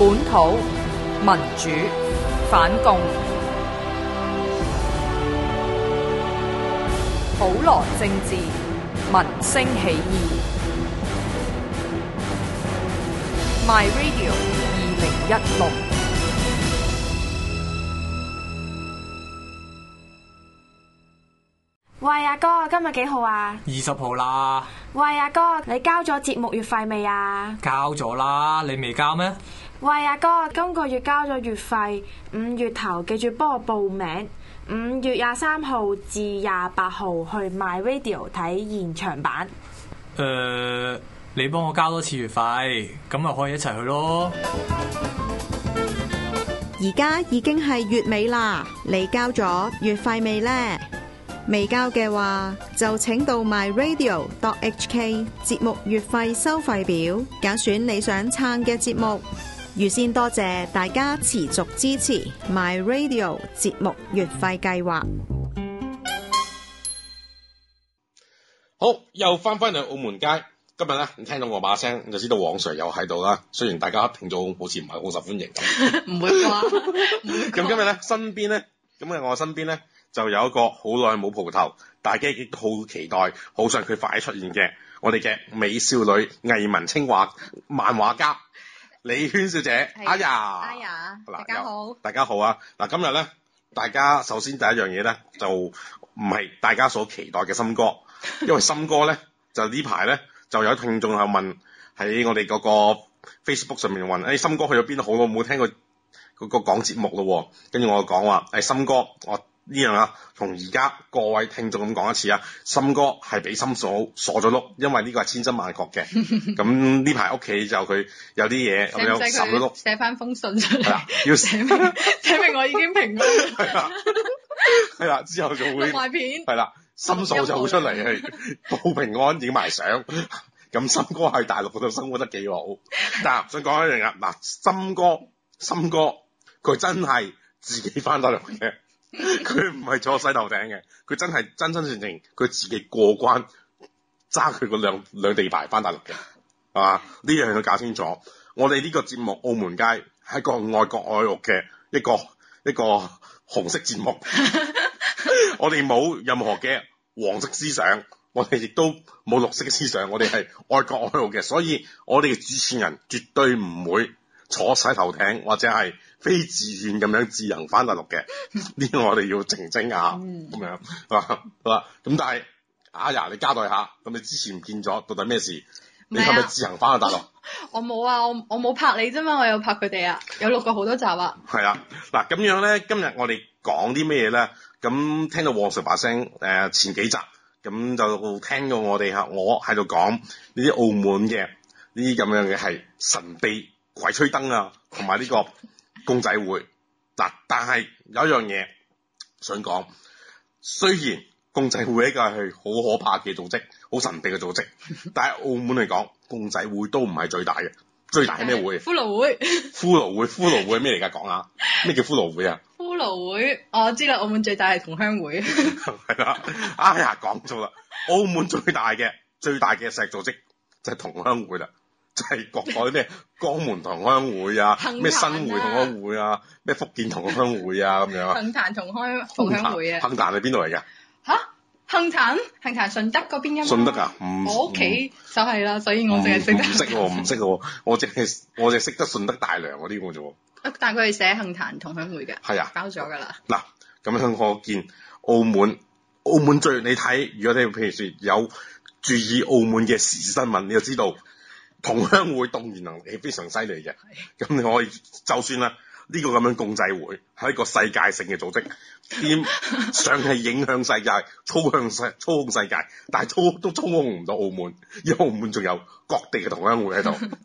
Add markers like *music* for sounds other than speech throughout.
本土民主反共，普羅政治民生起義。My Radio 二零一六。喂，阿哥，今日幾號啊？二十號啦。喂，阿哥，你交咗節目月費未啊？交咗啦，你未交咩？喂，阿哥，今個月交咗月費，五月頭記住幫我報名。五月廿三號至廿八號去 my radio 睇現場版。誒、呃，你幫我交多次月費，咁咪可以一齊去咯。而家已經係月尾啦，你交咗月費未呢？未交嘅話就請到 my radio dot hk 節目月費收費表，揀選你想撐嘅節目。預先多謝大家持續支持 My Radio 節目月費計劃。好，又翻返嚟澳門街，今日咧，你聽到我把聲，就知道往常 i 又喺度啦。雖然大家聽到好似唔係好受歡迎，唔會啩？唔咁今日咧，身邊咧，咁喺我身邊咧，就有一個好耐冇蒲頭，大家亦都好期待，好想佢快出現嘅，我哋嘅美少女魏文清畫漫畫家。李絢小姐是哎呀，a i、哎、呀大家好，大家好啊！嗱，今日咧，大家首先第一樣嘢咧，就唔係大家所期待嘅森哥，因為森哥咧就呢排咧就有聽眾係問喺我哋嗰個 Facebook 上面問，誒、哎，森哥去咗邊度好耐冇聽過嗰個講節目咯，跟住我就講話，誒、哎，森哥我。呢樣啊，同而家各位聽眾咁講一次啊，心哥係俾心嫂鎖咗碌，因為呢個係千真萬確嘅。咁呢排屋企就佢有啲嘢咁樣冧咗碌，寫翻封信出嚟，要寫明寫明我已經平安。係啦，之後就會係啦，心嫂就會出嚟報平安影埋相。咁心哥喺大陸嗰度生活得幾好。但係想講一樣嘢，嗱，心哥心哥佢真係自己翻得嚟嘅。佢唔係坐洗頭艇嘅，佢真係真真正正佢自己過關，揸佢個兩兩地牌翻大陸嘅，係嘛？呢樣要搞清楚。我哋呢個節目《澳門街》係一個愛國愛澳嘅一個一個紅色節目。 *laughs* 我哋冇任何嘅黃色思想，我哋亦都冇綠色嘅思想，我哋係愛國愛澳嘅，所以我哋嘅主持人絕對唔會坐洗頭艇或者係。非自願咁樣自行翻大陸嘅，呢個我哋要澄清噶吓，咁樣係好啦。咁但係阿爺你交代下，咁、嗯 *laughs* 哎、你，你之前唔見咗，到底咩事？啊、你係咪自行翻去大陸？我冇啊，我我冇拍你啫嘛，我有拍佢哋啊，有錄過好多集啊。係啦嗱，咁樣咧，今日我哋講啲咩嘢咧？咁、嗯、聽到黃 Sir 把聲誒，前幾集咁、嗯、就聽到我哋吓我喺度講呢啲澳門嘅呢啲咁樣嘅係神秘鬼吹燈啊，同埋呢個。公仔會嗱，但係有一樣嘢想講，雖然公仔會呢個係好可怕嘅組織，好神秘嘅組織，但係澳門嚟講，公仔會都唔係最大嘅，最大係咩會？哎、骷髏會。骷髏會，骷髏 *laughs* 會係咩嚟噶？講下咩叫骷髏會啊？骷髏 *laughs* 會，我知啦，澳門最大係同鄉會。係 *laughs* 啦， *laughs* 哎呀，講咗啦，澳門最大嘅最大嘅石組織就係、是、同鄉會啦。就係國內咩江門同鄉會啊，咩 *laughs* 新會同鄉會啊，咩福建同鄉會啊咁樣。杏壇同開同鄉會啊？杏壇係邊度嚟噶吓，杏壇，杏壇順德嗰邊啊？順德、德啊，嗯、我屋家企、嗯、就係啦，所以我淨係識得順。識唔識我，淨係我淨係識得順德大良嗰啲嘅啫。啊，這個、但係佢係寫杏壇同鄉會嘅。係啊，交咗噶啦。嗱、啊，咁香港見澳門，澳門最你睇，如果你譬如說有注意澳門嘅時事新聞，你就知道。同鄉會動員能力係非常犀利嘅，咁是你可以就算啦，呢個咁樣共濟會係一個世界性嘅組織，點想係影響世界，操控世操控，操控世界，但係操都操控唔到澳門，因澳門仲有各地嘅同鄉會喺度， *laughs*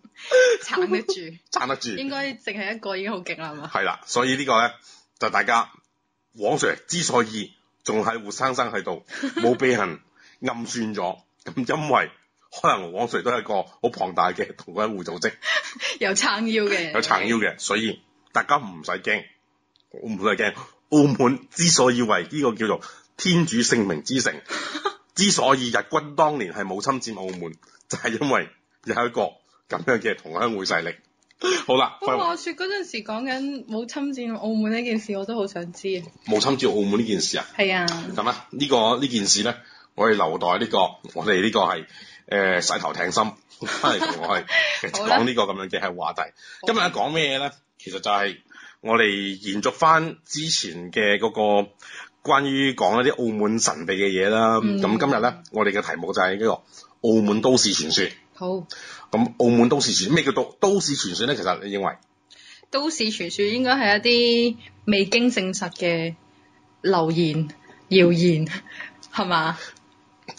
撐得住， *laughs* 撐得住， *laughs* 應該淨係一個已經好勁啦，係嘛？係啦，所以個呢個咧就大家黃 Sir 之所以仲係活生生喺度，冇畀 *laughs* 人暗算咗，咁因為。可能黃水都係一個好龐大嘅同鄉會組織，有撐腰嘅，有撐腰嘅，所以大家唔使驚，我唔使驚。澳門之所以為呢個叫做天主聖名之城，之所以日軍當年係冇侵佔澳門，就係因為有一個咁樣嘅同鄉會勢力。好啦，不過話說嗰陣時講緊冇侵佔澳門呢件事，我都好想知啊。冇侵佔澳門呢件事啊，係啊，咁啊，呢個呢件事咧，我哋留待呢個，我哋呢個係。誒、呃，洗頭挺心，係 *laughs* 我係講呢個咁樣嘅係話題。吧今日講咩咧？其實就係我哋延續翻之前嘅嗰個關於講一啲澳門神秘嘅嘢啦。咁、嗯、今日咧，我哋嘅題目就係呢、這個澳門都市傳說。好。咁澳門都市傳咩叫都都市傳說咧？其實你認為？都市傳說應該係一啲未經證實嘅流言、謠言，係嘛、嗯？ *laughs*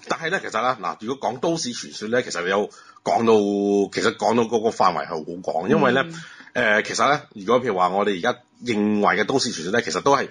但係咧，其實咧，嗱，如果講都市傳說咧，其實有講到，其實講到嗰個範圍係好廣，嗯、因為咧，誒、呃，其實咧，如果譬如話我哋而家認為嘅都市傳說咧，其實都係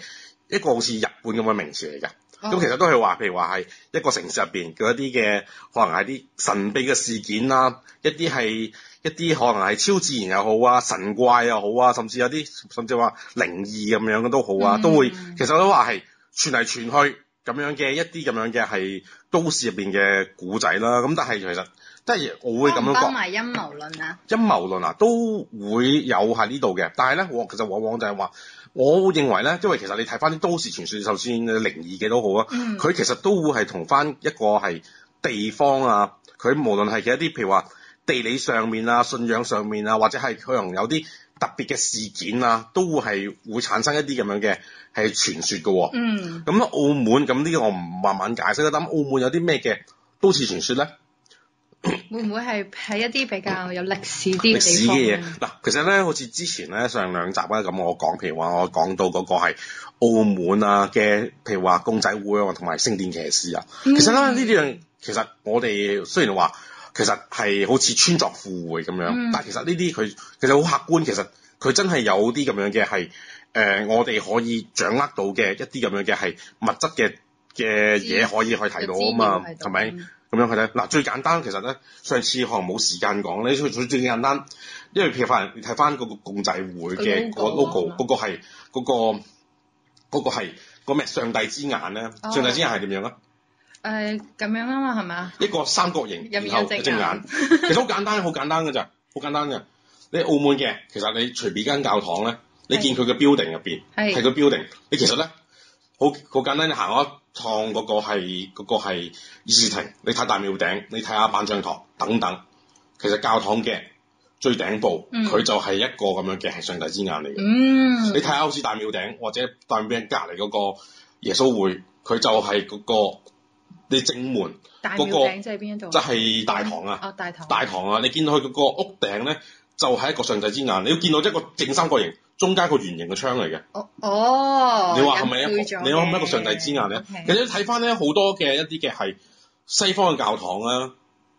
一個好似日本咁嘅名詞嚟嘅，咁、哦、其實都係話，譬如話係一個城市入邊嘅一啲嘅，可能係啲神秘嘅事件啦、啊，一啲係一啲可能係超自然又好啊，神怪又好啊，甚至有啲甚至話靈異咁樣嘅都好啊，嗯、都會，其實都話係傳嚟傳去。咁樣嘅一啲咁樣嘅係都市入邊嘅古仔啦，咁但係其實即係我會咁樣講，同埋陰謀論啊，陰謀論啊都會有喺呢度嘅，但係咧我其實往往就係話我會認為咧，因為其實你睇翻啲都市傳說，就算靈異嘅都好啊，佢、嗯、其實都會係同翻一個係地方啊，佢無論係其一啲，譬如話地理上面啊、信仰上面啊，或者係佢可能有啲。特別嘅事件啊，都會係會產生一啲咁樣嘅係傳說嘅、哦。嗯。咁、嗯、澳門咁呢個我唔慢慢解釋啦。咁澳門有啲咩嘅都市傳說咧？ *coughs* 會唔會係係一啲比較有歷史啲嘅嘢？嗱、呃，其實咧，好似之前咧上兩集咧咁，我講，譬如話我講到嗰個係澳門啊嘅，譬如話公仔會啊，同埋聖殿騎士啊。其實咧呢啲樣、嗯，其實我哋雖然話，其實係好似穿鑿附會咁樣，嗯、但係其實呢啲佢其實好客觀，其實佢真係有啲咁樣嘅係誒，我哋可以掌握到嘅一啲咁樣嘅係物質嘅嘅嘢可以去睇到啊嘛，係咪、嗯？咁、嗯、樣佢咧嗱，最簡單其實咧，上次可能冇時間講咧，佢最最簡單，因為譬如話你睇翻個共濟會嘅個 logo，嗰、嗯嗯嗯、個係嗰、嗯嗯、個嗰、嗰個係、嗰個咩上帝之眼咧？上帝之眼係點樣啊？誒，咁、uh, 樣啊嘛，係咪啊？一個三角形，然後一隻眼， *laughs* 其實好簡單，好簡單嘅咋，好簡單嘅。你澳門嘅，其實你隨便間教堂咧，是你見佢嘅 building 入邊係個 building，你其實咧好好簡單，你行一趟嗰個係嗰、那個係議事亭，你睇大廟頂，你睇下板樟堂等等，其實教堂嘅最頂部，佢、嗯、就係一個咁樣嘅係上帝之眼嚟嘅。嗯，你睇下好似大廟頂或者大廟頂隔籬嗰個耶穌會，佢就係嗰、那個。你正門嗰個，即係大，大堂啊！哦、大堂。大堂啊！你見到佢嗰個屋頂咧，就係、係、一個上帝之眼。你要見到一個正三角形，中間個圓形嘅窗嚟嘅、哦。哦。你話係咪一個？你話係咪一個上帝之眼咧？Okay. 其實睇翻咧，好多嘅一啲嘅係西方嘅教堂啊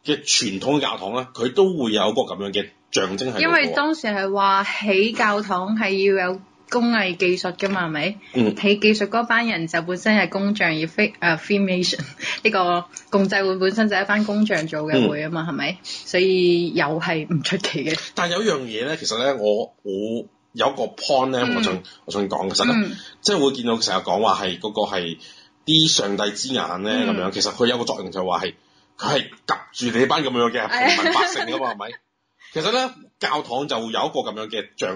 嘅傳統嘅教堂咧、啊，佢都會有一個咁樣嘅象徵喺度。因為當時係話起教堂係要有。工藝技術㗎嘛係咪？睇、嗯、技術嗰班人就本身係工匠，而非誒 Freemason 呢個共濟會本身就係一班工匠做嘅會啊嘛係咪？所以又係唔出奇嘅。但係有一樣嘢咧，其實咧我我有個 point 咧，我想我想講嘅，其實、嗯、即係會見到成日講話係嗰個係啲上帝之眼咧咁樣，嗯、其實佢有個作用就係話係佢係夾住你班咁樣嘅平民百姓㗎嘛係咪？ *laughs* *laughs* 其實咧，教堂就會有一個咁樣嘅象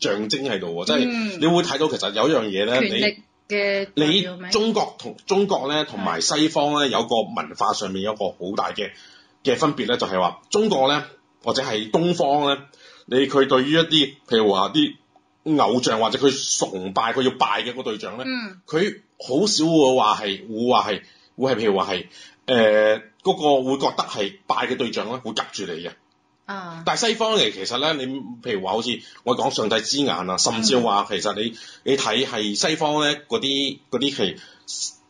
象徵喺度喎，即係、嗯、你會睇到其實有一樣嘢咧，你嘅你中國同中國咧同埋西方咧對有個文化上面有一個好大嘅嘅分別咧，就係、是、話中國咧或者係東方咧，你佢對於一啲譬如話啲偶像或者佢崇拜佢要拜嘅個對象咧，佢好、嗯、少會話係會話係會係譬如話係誒嗰個會覺得係拜嘅對象咧會夾住你嘅。啊！Uh, 但係西方嚟，其實咧，你譬如話，好似我講上帝之眼啊，甚至話其實你你睇係西方咧嗰啲嗰啲係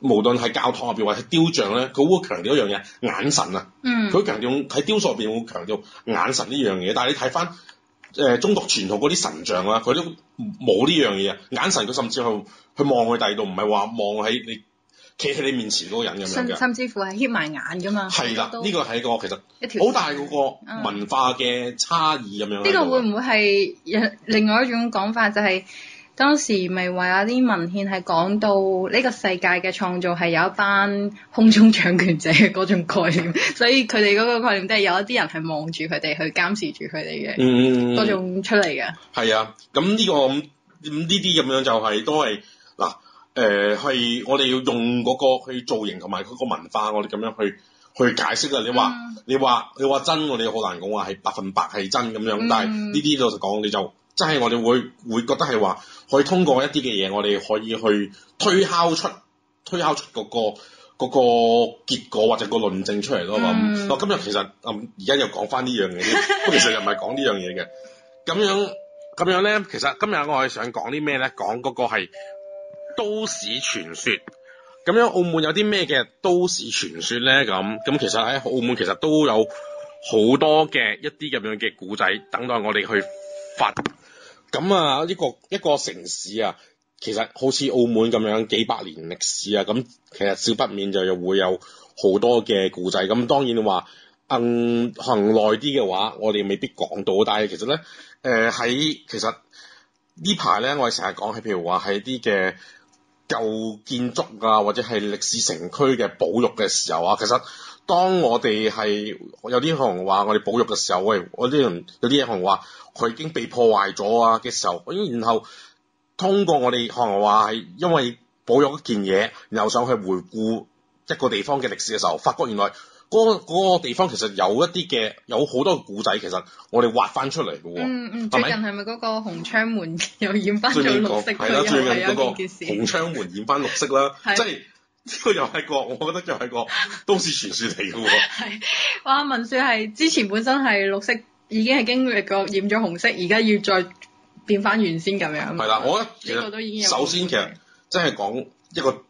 無論係教堂入邊或者雕像咧，佢會強調一樣嘢眼神啊。嗯，佢強調喺雕塑入邊會強調眼神呢樣嘢。但係你睇翻誒中國傳統嗰啲神像啊，佢都冇呢樣嘢，眼神佢甚至係去望去第二度，唔係話望喺你。企喺你面前嗰個人咁樣嘅，甚至乎係瞌埋眼㗎嘛？係啦的，呢個係一個其實好大嗰個文化嘅差異咁、啊、樣。呢個會唔會係另外一種講法？就係、是、當時咪話有啲文獻係講到呢個世界嘅創造係有一班空中掌權者嘅嗰種概念，嗯、所以佢哋嗰個概念都係有一啲人係望住佢哋去監視住佢哋嘅嗰種出嚟嘅。係啊，咁呢、這個咁呢啲咁樣就係、是、都係嗱。誒係、呃，我哋要用嗰、嗰個去造型同埋嗰個文化，我哋咁樣去去解釋啊！你話、嗯、你話你話真，我哋好難講話係百分百係真咁樣。但係呢啲老實講你就真係我哋會會覺得係話，可以通過一啲嘅嘢，我哋可以去推敲出推敲出嗰、嗰個嗰、嗰個、結果或者個論證出嚟咯嘛。我、嗯、今日其實嗯而家又講返呢樣嘢，不過 *laughs* 其實又唔係講呢樣嘢嘅。咁樣咁樣咧，其實今日我係想講啲咩咧？講嗰個係。都市傳說咁樣，澳門有啲咩嘅都市傳說咧？咁咁其實喺澳門其實都有好多嘅一啲咁樣嘅古仔等待我哋去發。咁啊，一個一個城市啊，其實好似澳門咁樣幾百年歷史啊，咁其實少不免就又會有好多嘅古仔。咁當然話，嗯行耐啲嘅話，我哋未必講到。但係其實咧，誒喺其實呢排咧，呃，我哋成日講起，譬如話喺啲嘅。舊建築啊，或者係歷史城區嘅保育嘅時候啊，其實當我哋係有啲人話我哋保育嘅時候，喂，我啲人有啲嘢，可能話佢已經被破壞咗啊嘅時候，然後通過我哋可能話係因為保育一件嘢，然後想去回顧一個地方嘅歷史嘅時候，發覺原來。嗰個地方其實有一啲嘅，有好多古仔其實我哋挖翻出嚟嘅喎。嗯嗯，最近係咪嗰個紅窗門又染翻咗綠色？係啦，最近嗰個紅窗門染翻綠色啦，即係呢個又係個，我覺得又係個都市傳說嚟嘅喎。係，話聞説係之前本身係綠色，已經係經歷過染咗紅色，而家要再變翻原先咁樣。係啦，我覺得呢個都已經。首先，其實即係講一個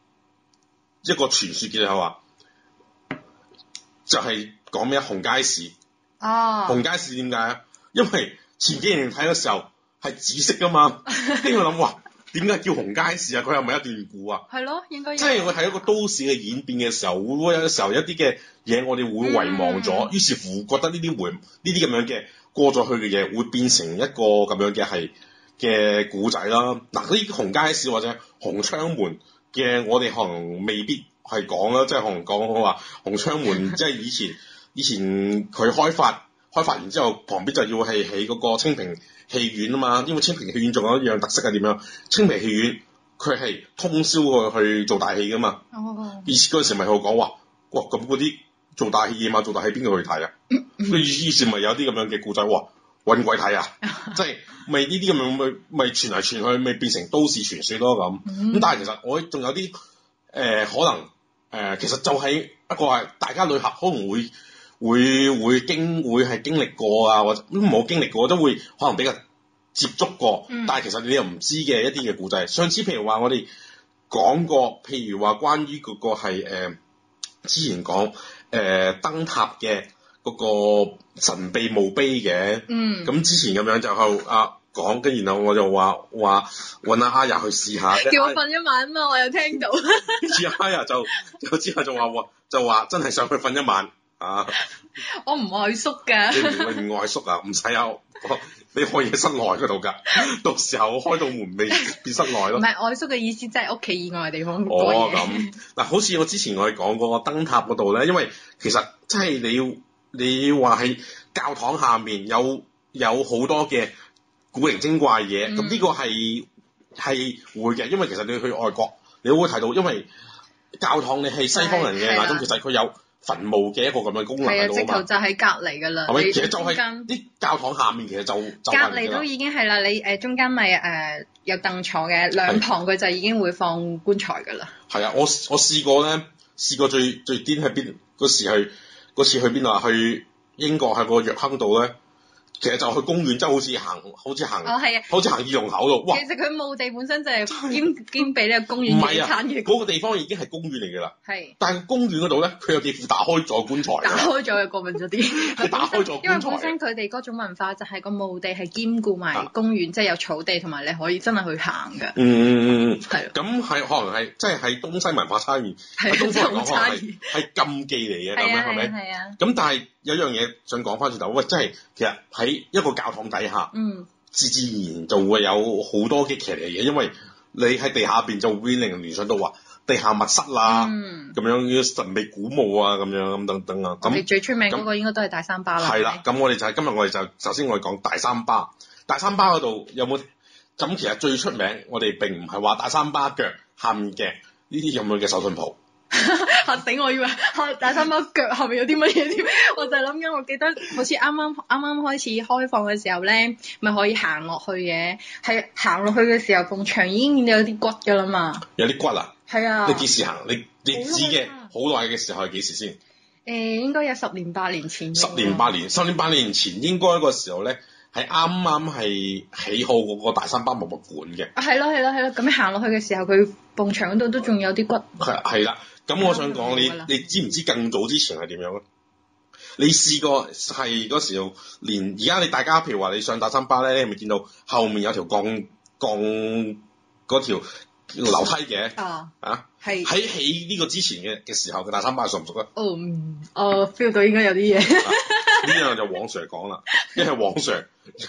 一個傳說嘅係話。就係講咩啊？紅街市啊！紅、oh. 紅街市點解啊？因為前幾年睇嘅時候係紫色噶嘛，跟住我諗哇，點解叫紅街市啊？佢係咪一段故啊？係咯，應該即係我喺一個都市嘅演變嘅時候，會有時候一啲嘅嘢我哋會遺忘咗，mm hmm. 於是乎覺得呢啲回呢啲咁樣嘅過咗去嘅嘢會變成一個咁樣嘅係嘅故仔啦、啊。嗱、啊，啲紅街市或者紅窗門嘅，我哋可能未必。係講啦，即係可能講好話紅窗門，即係以前以前佢開發開發完之後，旁邊就要係起嗰個清平戲院啊嘛。因為清平戲院仲有一樣特色係點樣？清平戲院佢係通宵去去做大戲噶嘛。哦哦、oh, oh. 以前嗰陣時咪好講話，哇咁嗰啲做大戲，夜嘛，做大戲邊個去睇啊？咁以前咪有啲咁樣嘅故仔，哇，揾鬼睇啊！即係咪呢啲咁樣咪咪傳嚟傳去咪變成都市傳說咯咁。咁、嗯、但係其實我仲有啲誒、呃、可能。誒、呃，其實就係一個係大家旅客可能會會會經會係經歷過啊，或者冇經歷過都會可能比較接觸過，嗯、但係其實你又唔知嘅一啲嘅古仔。上次譬如話我哋講過，譬如話關於嗰個係、呃、之前講誒、呃、燈塔嘅嗰個神秘墓碑嘅，咁、嗯、之前咁樣就係、是、阿。啊。講跟然後我就話話揾阿 Aya 入去試下，叫我瞓一晚啊嘛，我又聽到。之後 Aya 就之後就話就話真係想去瞓一晚啊！我唔外宿㗎。 *laughs* 你唔外宿啊？唔使有你可以喺室內嗰度㗎， *laughs* 到時候開到門未？變室內咯。唔係外宿嘅意思，即係屋企以外嘅地方。哦，咁嗱，好似我之前我哋講過個燈塔嗰度咧，因為其實即係你要，你話喺教堂下面有有好多嘅。古靈精怪嘢，咁呢、嗯、個係係會嘅，因為其實你去外國，你會會睇到，因為教堂你係西方人嘅眼中，啊、其實佢有墳墓嘅一個咁嘅功能。係啊，直頭就喺隔離噶啦，係咪你？其實就係、是、啲間教堂下面，其實就隔離都已經係啦。你誒中間咪誒、uh, 有凳坐嘅，是兩旁佢就已經會放棺材噶啦。係啊，我我試過咧，試過最最癲係邊個時係嗰時去邊度啊？去英國喺個約亨度咧。其實就去公園，真係好似行，好似行，哦係啊，好似行二龍喉度。其實佢墓地本身就係兼兼備呢個公園。唔係啊，嗰個地方已經係公園嚟嘅啦。係。但係公園嗰度咧，佢又幾乎打開咗棺材。打開咗又過分咗啲。打開咗。因為本身佢哋嗰種文化就係個墓地係兼顧埋公園，即係有草地同埋你可以真係去行嘅。嗯嗯嗯嗯，係。咁係可能係即係喺東西文化差異。係東西方差異。係禁忌嚟嘅咁樣係咪？係啊係啊。咁但係。有一樣嘢想講翻轉頭，喂，即係其實喺一個教堂底下，嗯，自自然就會有好多啲騎呢嘢，因為你喺地下邊就會令人聯想到話地下密室啦、啊，咁、嗯、咁樣神秘古墓啊，咁樣咁等等啊。咁你最出名嗰個應該都係大三巴啦。係啦，咁我哋就係今日我哋就首先我哋講大三巴，大三巴嗰度有冇？咁其實最出名我哋並唔係話大三巴腳、鹹腳呢啲咁樣嘅手信鋪。嚇死我要！嚇大三巴腳後面有啲乜嘢添？我就係諗緊，我記得好似啱啱啱啱開始開放嘅時候咧，咪可以行落去嘅。係行落去嘅時候，埲牆已經見到有啲骨㗎啦嘛。有啲骨啊？係啊。你幾時行？你你指嘅好耐嘅時候係幾時先？誒，應該有十年八年前。十年八年，十年八年前應該個時候咧，係啱啱係起好個個大三巴博物館嘅。係咯係咯係咯，咁樣行落去嘅時候，佢埲牆嗰度都仲有啲骨。係係啦。咁、嗯、我想講你，你知唔知更早之前係點樣咧？你試過係嗰時候，連而家你大家譬如話你上大三巴咧，你咪見到後面有條降降嗰條樓梯嘅啊？係喺、啊、是起呢個之前嘅嘅時候嘅大三巴熟唔熟咧？哦，oh, 我 feel 到應該有啲嘢。呢、 *laughs* 啊、樣就往常 i r 講啦，因為往常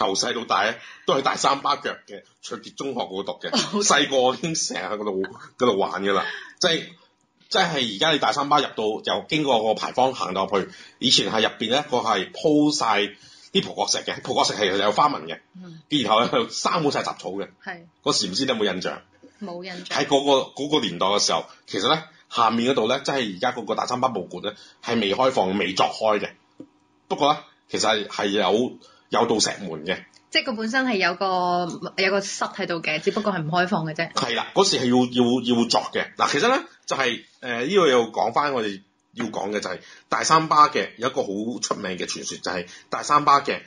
由細到大都係大三巴腳嘅，卓別中學嗰度讀嘅，細個已經成日喺嗰度度玩噶啦，即 *laughs* 係。 *laughs* 即係而家你大三巴入到又經過個牌坊行落去，以前係入邊咧個係鋪晒啲葡國石嘅，葡國石其實有花紋嘅，跟住、嗯、然後又生好曬雜草嘅。係、嗯。嗰時唔知你有冇印象？冇印象。喺嗰、嗰個嗰個年代嘅時候，其實咧下面嗰度咧，即係而家嗰個大三巴墓館咧係未開放、未作開嘅。不過咧，其實係係有有道石門嘅。即係佢本身係有個有個室喺度嘅，只不過係唔開放嘅啫。係啦，嗰時係要要要作嘅。嗱，其實咧就係誒呢個又講翻我哋要講嘅就係大三巴嘅有一個好出名嘅傳說，就係大三巴嘅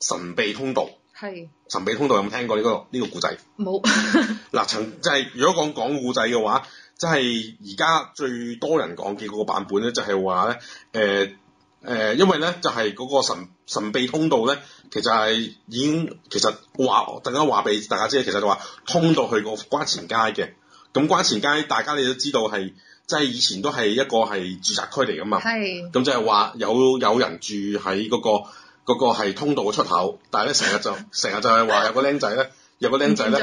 神秘通道。係，神秘通道，有冇聽過呢個呢個故仔？冇。嗱、 *laughs* 呃，曾就係如果講講故仔嘅話，即係而家最多人講嘅嗰個版本咧，就係話咧誒。誒、呃，因為咧就係、是、嗰個神神秘通道咧，其實係已經其實話，等間話俾大家知，其實就話通到去個關前街嘅。咁、嗯、關前街大家你都知道係即係以前都係一個係住宅區嚟㗎嘛。係是。咁就係話有有人住喺嗰、那個嗰、那個、通道嘅出口，但係咧成日就成日就係話有個僆仔咧，有個僆仔咧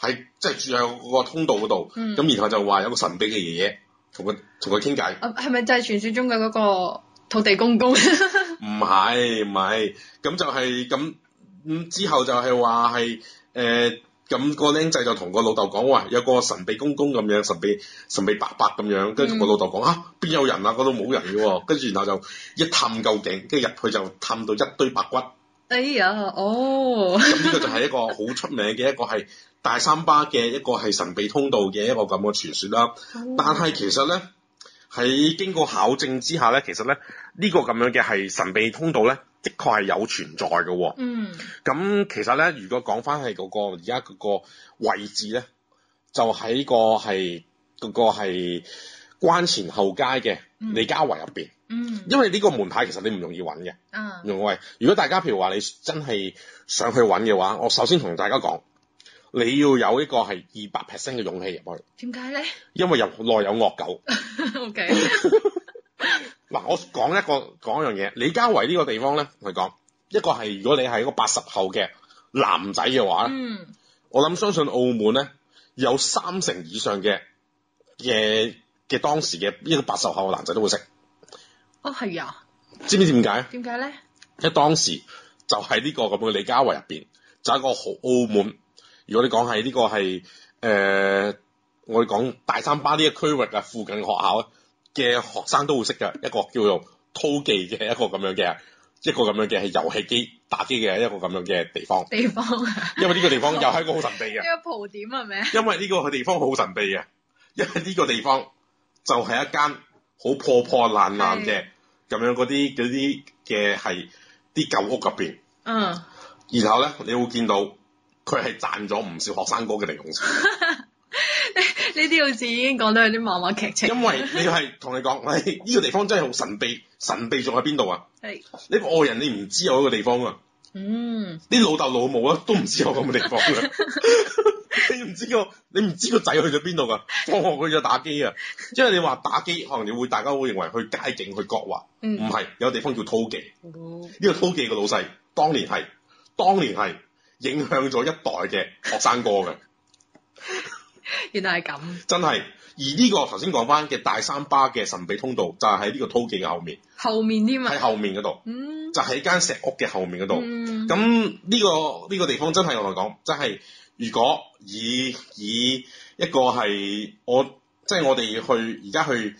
係即係住喺嗰、就是、個通道嗰度。咁、嗯、然後就話有個神秘嘅爺爺同佢同佢傾偈。啊，係咪就係傳説中嘅嗰、那個？土地公公？ *laughs* 唔係唔係，咁就係、係、咁，嗯之後就係話係誒咁個僆仔就同個老豆講話，有個神秘公公咁樣神秘神秘白白咁樣，跟住個老豆講啊，邊有人啊嗰度冇人嘅、㗎、喎，跟住然後就一探究竟，跟住入去就探到一堆白骨。哎呀，哦。咁呢個就係一個好出名嘅一個係大三巴嘅一個係神秘通道嘅一個咁嘅傳說啦。但係其實咧。喺經過考證之下咧，其實咧呢、這個咁樣嘅係神秘通道咧，的確係有存在嘅、哦。嗯，咁、嗯、其實咧，如果講翻係嗰個而家嗰個位置咧，就喺個係嗰、這個係關前後街嘅李家圍入邊。嗯，因為呢個門牌其實你唔容易揾嘅。啊、嗯，因為如果大家譬如話你真係想去揾嘅話，我首先同大家講。你要有一個係二百 percent 嘅勇氣入去。點解咧？因為入內有惡狗。O K 嗱，我講一個講一樣嘢。李家維呢個地方咧，我講一個係：如果你係一個八十後嘅男仔嘅話咧，嗯、我諗相信澳門咧有三成以上嘅嘅嘅當時嘅一個八十後嘅男仔都會識。哦，係啊。知唔知點解？點解咧？即當時就係呢、呢個咁嘅李家維入邊，就一個澳澳門、嗯。如果你講喺呢個係誒、呃，我哋講大三巴呢個區域嘅、啊、附近學校嘅學生都會識嘅一個叫做 t 偷記嘅一個咁樣嘅一個咁樣嘅係遊戲機打機嘅一個咁樣嘅地方。地方。 *laughs* 因為呢個地方又係一個好神秘嘅。呢地方 *laughs* 個蒲點係咪？因為呢個地方好神秘嘅，因為呢個地方就係一間好破破爛爛嘅咁的樣嗰啲嗰啲嘅係啲舊屋入邊。嗯。然後咧，你會見到。佢係賺咗唔少學生哥嘅零用錢。呢啲好似已經講得有啲漫畫劇情。 *laughs* 因為你係同你講，喂、哎，呢、這個地方真係好神秘，神秘仲喺邊度啊？係是。你個外人你唔知有呢個地方啊，嗯。啲老豆老母咧都唔知有咁嘅地方㗎、啊。 *laughs* *laughs* 你唔知個，你唔知個仔去咗邊度放學去咗打機啊！啊 *laughs* 因為你話打機，可能你會大家會認為去街景、去國畫。唔係、嗯，有地方叫偷記。哦、嗯。呢個偷記嘅老細，當年係，當年係。影響咗一代嘅學生哥嘅，原來係咁， *laughs* 真係。而呢個頭先講翻嘅大三巴嘅神秘通道，就喺呢個土記嘅後面，後面添啊，喺後面嗰度，嗯，就喺間石屋嘅後面嗰度。咁呢個呢個地方真係我嚟講，真係如果以以一個係我，即係我哋去而家去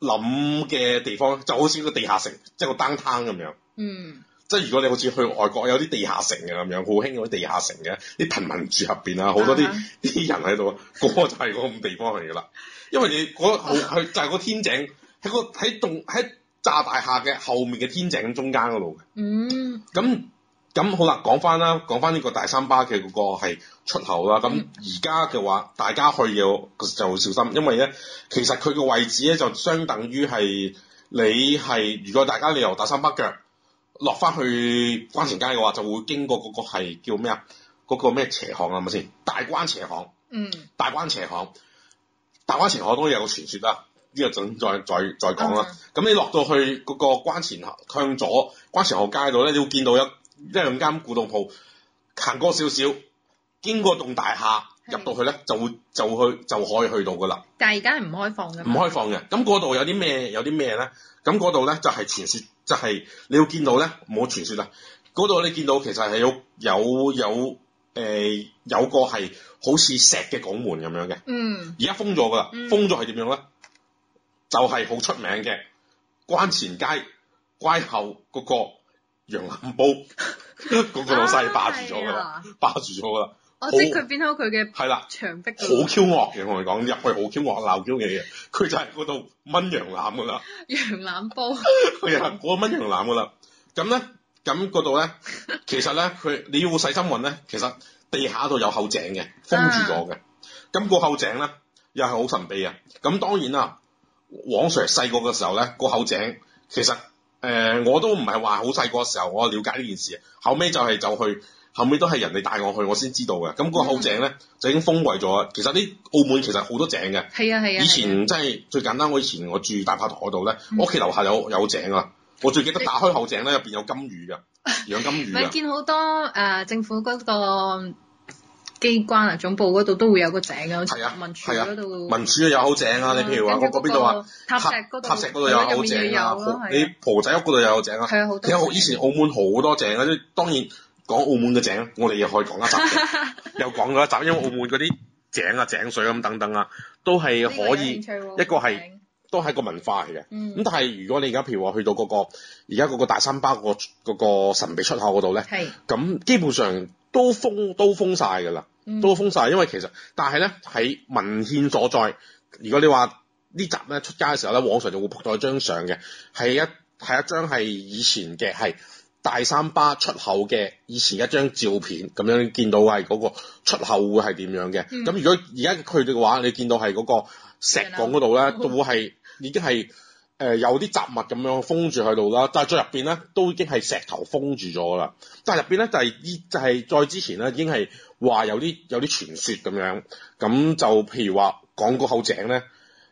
諗嘅地方，就好似個地下城，即係個 downtown 咁樣，嗯。即係如果你好似去外國有啲地下城嘅咁樣，好興嗰啲地下城嘅，啲貧民住入邊啊，好多啲啲、uh huh. 人喺度，嗰、那個就係個咁地方嚟嘅啦。因為你嗰個去就係個天井喺、uh huh. 那個喺洞喺炸大廈嘅後面嘅天井中間嗰度嘅。嗯、mm，咁、hmm. 咁好講啦，講翻啦，講翻呢個大三巴嘅嗰個係出口啦。咁而家嘅話，mm hmm. 大家去嘅就小心，因為咧其實佢嘅位置咧就相等於係你係如果大家你由大三巴腳。落翻去關前街嘅話，就會經過嗰個係叫咩啊？嗰、嗰個咩斜巷啊？係咪先？大關斜巷。嗯。大關斜巷，大關斜巷當然有個傳說啦。呢個陣再再再講啦。咁 Okay. 你落到去嗰個關前向左關前後街度咧，你會見到有一,一兩間古董鋪。行過少少，經過棟大廈，入到去咧就會就去就，就可以去到㗎喇。但係而家係唔開放嘅，唔開放嘅。咁嗰度有啲咩？有啲咩咧？咁嗰度咧就係傳說。就係、是、你要見到咧，唔好傳說啦！嗰度你見到其實係有有有誒、呃、有個係好似石嘅拱門咁樣嘅，嗯，而家封咗㗎啦，封咗係點樣咧？嗯、就係好出名嘅關前街關後個個羊腩煲，個 *laughs* *laughs* 個老細霸住咗㗎啦，啊、霸住咗㗎啦。嗎我知佢變開佢嘅牆壁，好 Q 惡嘅，我嚟講入去好 Q 惡，鬧 Q 嘅嘢，佢就係嗰度蚊羊腩噶啦，羊腩煲，係啊，嗰個蚊羊腩噶啦，咁咧，咁嗰度咧， *laughs* 其實咧，佢你要細心搵咧，其實地下度有口井嘅封住咗嘅，咁個口井咧又係好神秘啊，咁當然啦，往常細個嘅時候咧，個口井其實誒、呃、我都唔係話好細個嘅時候我了解呢件事，後尾就係就去。後尾都係人哋帶我去，我先知道嘅。咁嗰個口井咧，就已經封圍咗。其實啲澳門其實好多井嘅。係啊，係啊。以前真係最簡單，我以前我住大炮台嗰度咧，我屋企樓下有有井啊。我最記得打開口井咧，入邊有金魚嘅，養金魚，你咪見好多誒、政府嗰個機關啊，總部嗰度都會有個井啊，好似民署啊，度。民署有口井啊，你譬如話嗰邊度啊，塔石嗰度有口井啊，你婆仔屋嗰度又有井啊。係啊，好多。以前澳門好多井啊，當然。講澳門嘅井，我哋又可以講一集， *laughs* 又講咗一集，因為澳門嗰啲井啊、井水咁等等啊，都係可以。一個係都係一個文化嚟嘅。咁、嗯、但係如果你而家譬如話去到嗰、嗰個而家嗰個大三巴個嗰個神秘出口嗰度咧，係是。咁基本上都封都封晒㗎啦，都封晒。因為其實但係咧喺文獻所在，如果你話呢集咧出街嘅時候咧，網上就會撲到一張相嘅，係一係一,一張係以前嘅係。大三巴出口嘅以前一張照片，咁樣見到係嗰、那個出口會係點樣嘅？咁、嗯、如果而家佢哋嘅話，你見到係嗰個石港嗰度咧，嗯、都會係已經係誒、呃、有啲雜物咁樣封住喺度啦。但係再入邊咧，都已經係石頭封住咗啦。但係入邊咧就係、是、依就係、是、再之前咧，已經係話有啲有啲傳說咁樣。咁就譬如話講個後井咧，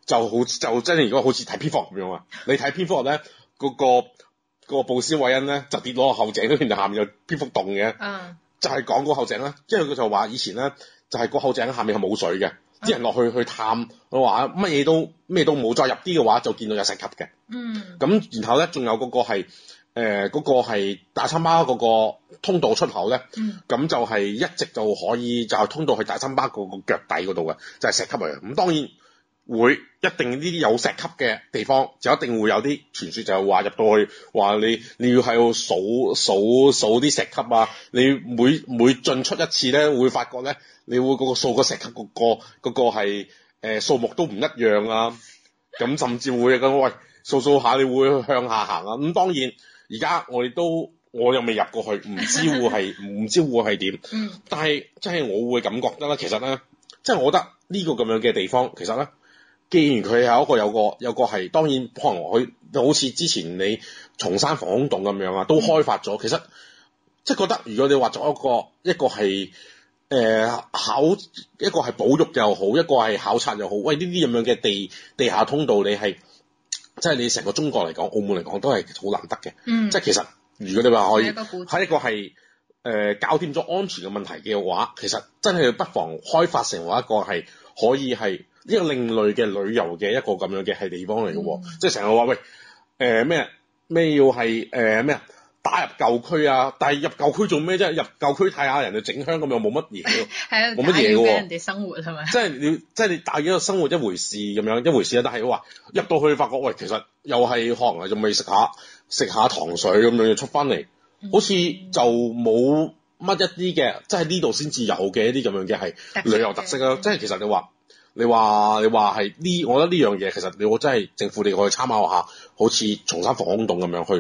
就好似就真係如果好似睇蝙蝠俠咁樣啊！你睇蝙蝠俠咧嗰個。個布斯維恩咧就跌落個後井，跟住下面有蝙蝠洞嘅，uh. 就係講嗰個後井啦。即係佢就話以前咧就係、是、個後井下面係冇水嘅，啲、uh. 人落去去探，佢話乜嘢都咩都冇，再入啲嘅話就見到有石級嘅。咁、mm. 然後咧仲有嗰個係誒嗰個係大三巴嗰個通道出口咧，咁、mm. 就係一直就可以就係、是、通到去大三巴個腳底嗰度嘅，就係、是、石級嚟嘅。咁當然。會一定呢啲有石級嘅地方，就一定會有啲傳說，就係話入到去，話你你要喺度數數數啲石級啊。你每每進出一次咧，會發覺咧，你會嗰個數個石級，嗰個，嗰個嗰個係誒數目都唔一樣啊。咁甚至會咁喂，數數下，你會向下行啊。咁當然而家我哋都我又未入過去，唔知會係唔 *laughs* 知會係點。但係真係我會感覺得啦，其實咧，即係我覺得呢個咁樣嘅地方，其實咧。既然佢係一個有一個有個係，當然可能佢就好似之前你松山防空洞咁樣啊，都開發咗。嗯、其實即係覺得，如果你話做一個一個係誒、呃、考一個係保育又好，一個係考察又好，喂，呢啲咁樣嘅地地下通道你，你係即係你成個中國嚟講，澳門嚟講都係好難得嘅。嗯、即係其實如果你話可以喺、嗯、一個係誒、呃、搞掂咗安全嘅問題嘅話，其實真係不妨開發成為一個係可以係。一個另類嘅旅遊嘅一個咁樣嘅係地方嚟嘅，即係成日話喂誒咩咩要係誒咩打入舊區啊？但係入舊區做咩啫？入舊區睇下人哋整香咁樣冇乜嘢，冇乜嘢喎。人哋生活係咪？即係你即係你大家生活一回事咁樣一回事啊。但係話入到去發覺，喂，其實又係可能仲未食下食下糖水咁樣，出翻嚟，好似就冇乜一啲嘅，即係呢度先至有嘅一啲咁樣嘅係旅遊特色咯。即係其實你話。你話你話係呢？我覺得呢樣嘢其實你我真係政府你可以參考下，好似松山防空洞咁樣去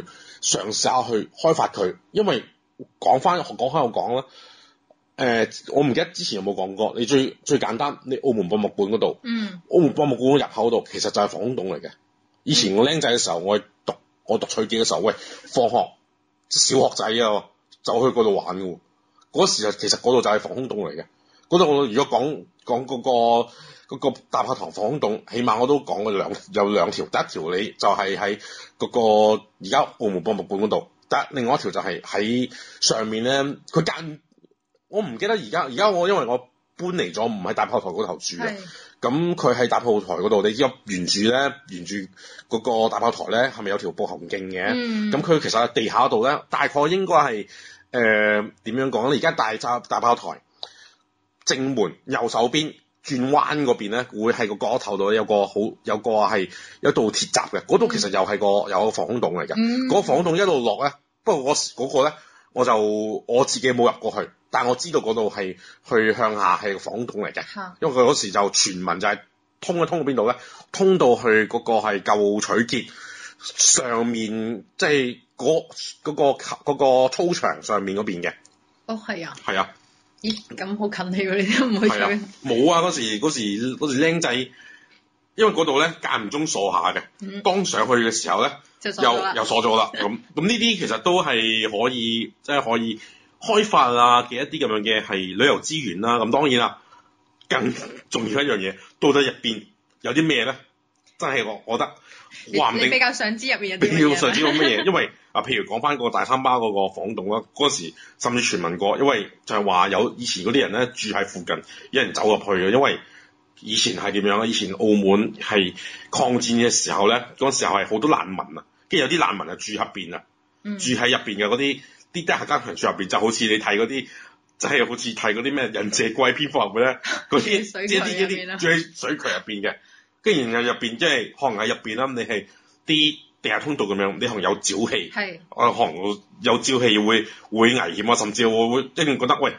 嘗試下去開發佢。因為講翻講翻我講啦，誒、呃，我唔記得之前有冇講過。你最最簡單，你澳門博物館嗰度，嗯、澳門博物館入口度其實就係防空洞嚟嘅。以前我僆仔嘅時候，我讀我讀取件嘅時候，喂，放學小學仔啊，走去嗰度玩嘅。嗰時其實嗰度就係防空洞嚟嘅。嗰度我如果講。講嗰、嗰個、個大炮台防空洞，起碼我都講過兩有兩條。第一條你就係喺嗰個而家澳門博物館嗰度，但另外一條就係喺上面咧。佢間我唔記得而家而家我因為我搬嚟咗，唔喺大炮台嗰頭住啊。咁佢喺大炮台嗰度，你若沿住咧沿住嗰個大炮台咧，係咪有條步行徑嘅？咁佢、嗯嗯、其實喺地下度咧，大概應該係誒點樣講咧？而家大揸大炮台。正門右手邊轉彎嗰邊咧，會喺個角落頭度有個好有個係一道鐵閘嘅，嗰度、嗯、其實又係個有個防空洞嚟嘅。嗯，個防空洞一路落咧，不過我嗰、嗰個咧，我就我自己冇入過去，但係我知道嗰度係去向下係個防空洞嚟嘅。吓、啊，因為佢嗰時就傳聞就係、係、通一通到邊度咧？通到去嗰個係舊取杰上面，即係嗰嗰個、嗰個嗰個操場上面嗰邊嘅。哦，係啊。係啊。咁好近氣喎！你都唔好笑。冇啊，嗰時嗰時嗰時僆仔，因為嗰度咧間唔中鎖下嘅，剛、嗯、上去嘅時候咧又又鎖咗啦。咁咁呢啲其實都係可以，即係可以開發啊嘅一啲咁樣嘅係旅遊資源啦。咁當然啦，更重要一樣嘢，到底入邊有啲咩咧？真係我覺得話唔定比較想知入面有咩嘢，比較想知有乜嘢，因為啊，譬如講返個大三巴嗰個房棟啦，嗰時甚至傳聞過，因為就係話有以前嗰啲人咧住喺附近，有人走入去嘅，因為以前係點樣咧？以前澳門係抗戰嘅時候咧，嗰時候係好多難民啊，跟住有啲難民就住入邊啊，住喺入邊嘅嗰啲啲德客家人住入邊，就好似你睇嗰啲，就係好似睇嗰啲咩人借貴蝙蝠入邊咧，嗰啲即係啲啲住喺水渠入邊嘅。既然入入邊，即係可能喺入邊啦。你係啲地下通道咁樣，你可能有沼氣。係是，啊，可能有沼氣會會危險啊，甚至會會一定覺得喂，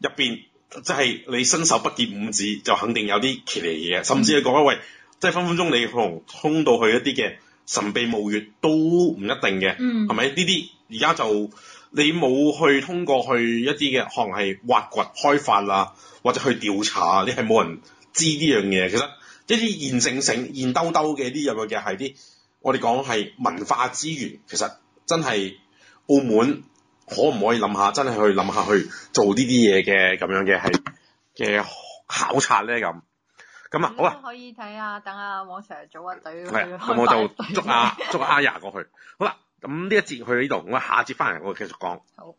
入邊即係你伸手不見五指，就肯定有啲奇離嘢，甚至你講一「嗯、喂，即係分分鐘你同通道去一啲嘅神秘墓穴都唔一定嘅。嗯，係咪呢啲而家就你冇去通過去一啲嘅可能係挖掘開發啊，或者去調查啊，你係冇人知呢樣嘢，其實。一啲現成成、現兜兜嘅啲咁嘅嘢，係啲我哋講係文化資源，其實真係澳門可唔可以諗下，真係去諗下去做呢啲嘢嘅咁樣嘅係嘅考察咧？咁咁啊，嗯、好啦吧，可以睇下，等阿黃 Sir 組個隊去。咁吧我就捉阿、啊、 *laughs* 捉阿 Aya 過去。好啦，咁呢一節去到呢度，咁我下節翻嚟我繼續講。好，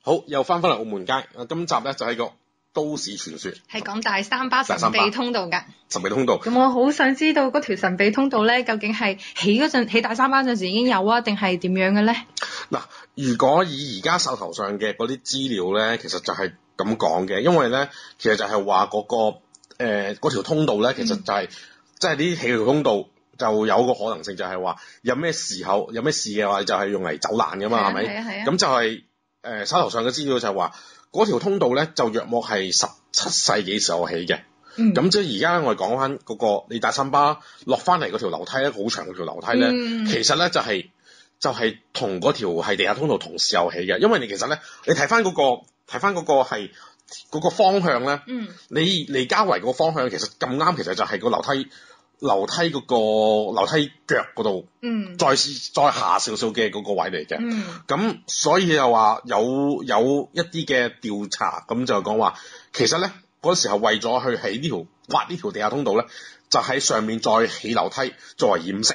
好，又翻返嚟澳門街。今集咧就喺個都市傳說係講大三巴神秘通道㗎，神秘通道。咁我好想知道嗰條神秘通道咧，究竟係起嗰陣起大三巴嗰陣時已經有啊，定係點樣嘅咧？嗱，如果以而家手頭上嘅嗰啲資料咧，其實就係咁講嘅，因為咧，其實就係話嗰個誒、呃、條通道咧，其實就係即係呢起條通道就有個可能性就，就係話有咩時候有咩事嘅話，就係用嚟走難㗎嘛，係咪？係啊係啊。咁、啊啊、就係、是、誒、呃、手頭上嘅資料就係話。嗰條通道咧就約莫係十七世紀時候起嘅，咁即係而家我哋講翻嗰個你大三巴落翻嚟嗰條樓梯咧，好長嘅條樓梯咧，嗯、其實咧就係、係、就係同嗰條係地下通道同時又起嘅，因為你其實咧，你睇翻嗰個睇翻嗰個係嗰、嗰個方向咧、嗯，你利嘉維個方向其實咁啱，其實就係個樓梯。樓梯嗰、嗰個樓梯腳嗰度，嗯，再再，再下少少嘅嗰個位嚟嘅，咁、嗯、所以又話有有一啲嘅調查咁就講話，其實咧嗰時候為咗去喺呢條挖呢條地下通道咧，就喺上面再起樓梯作為掩飾，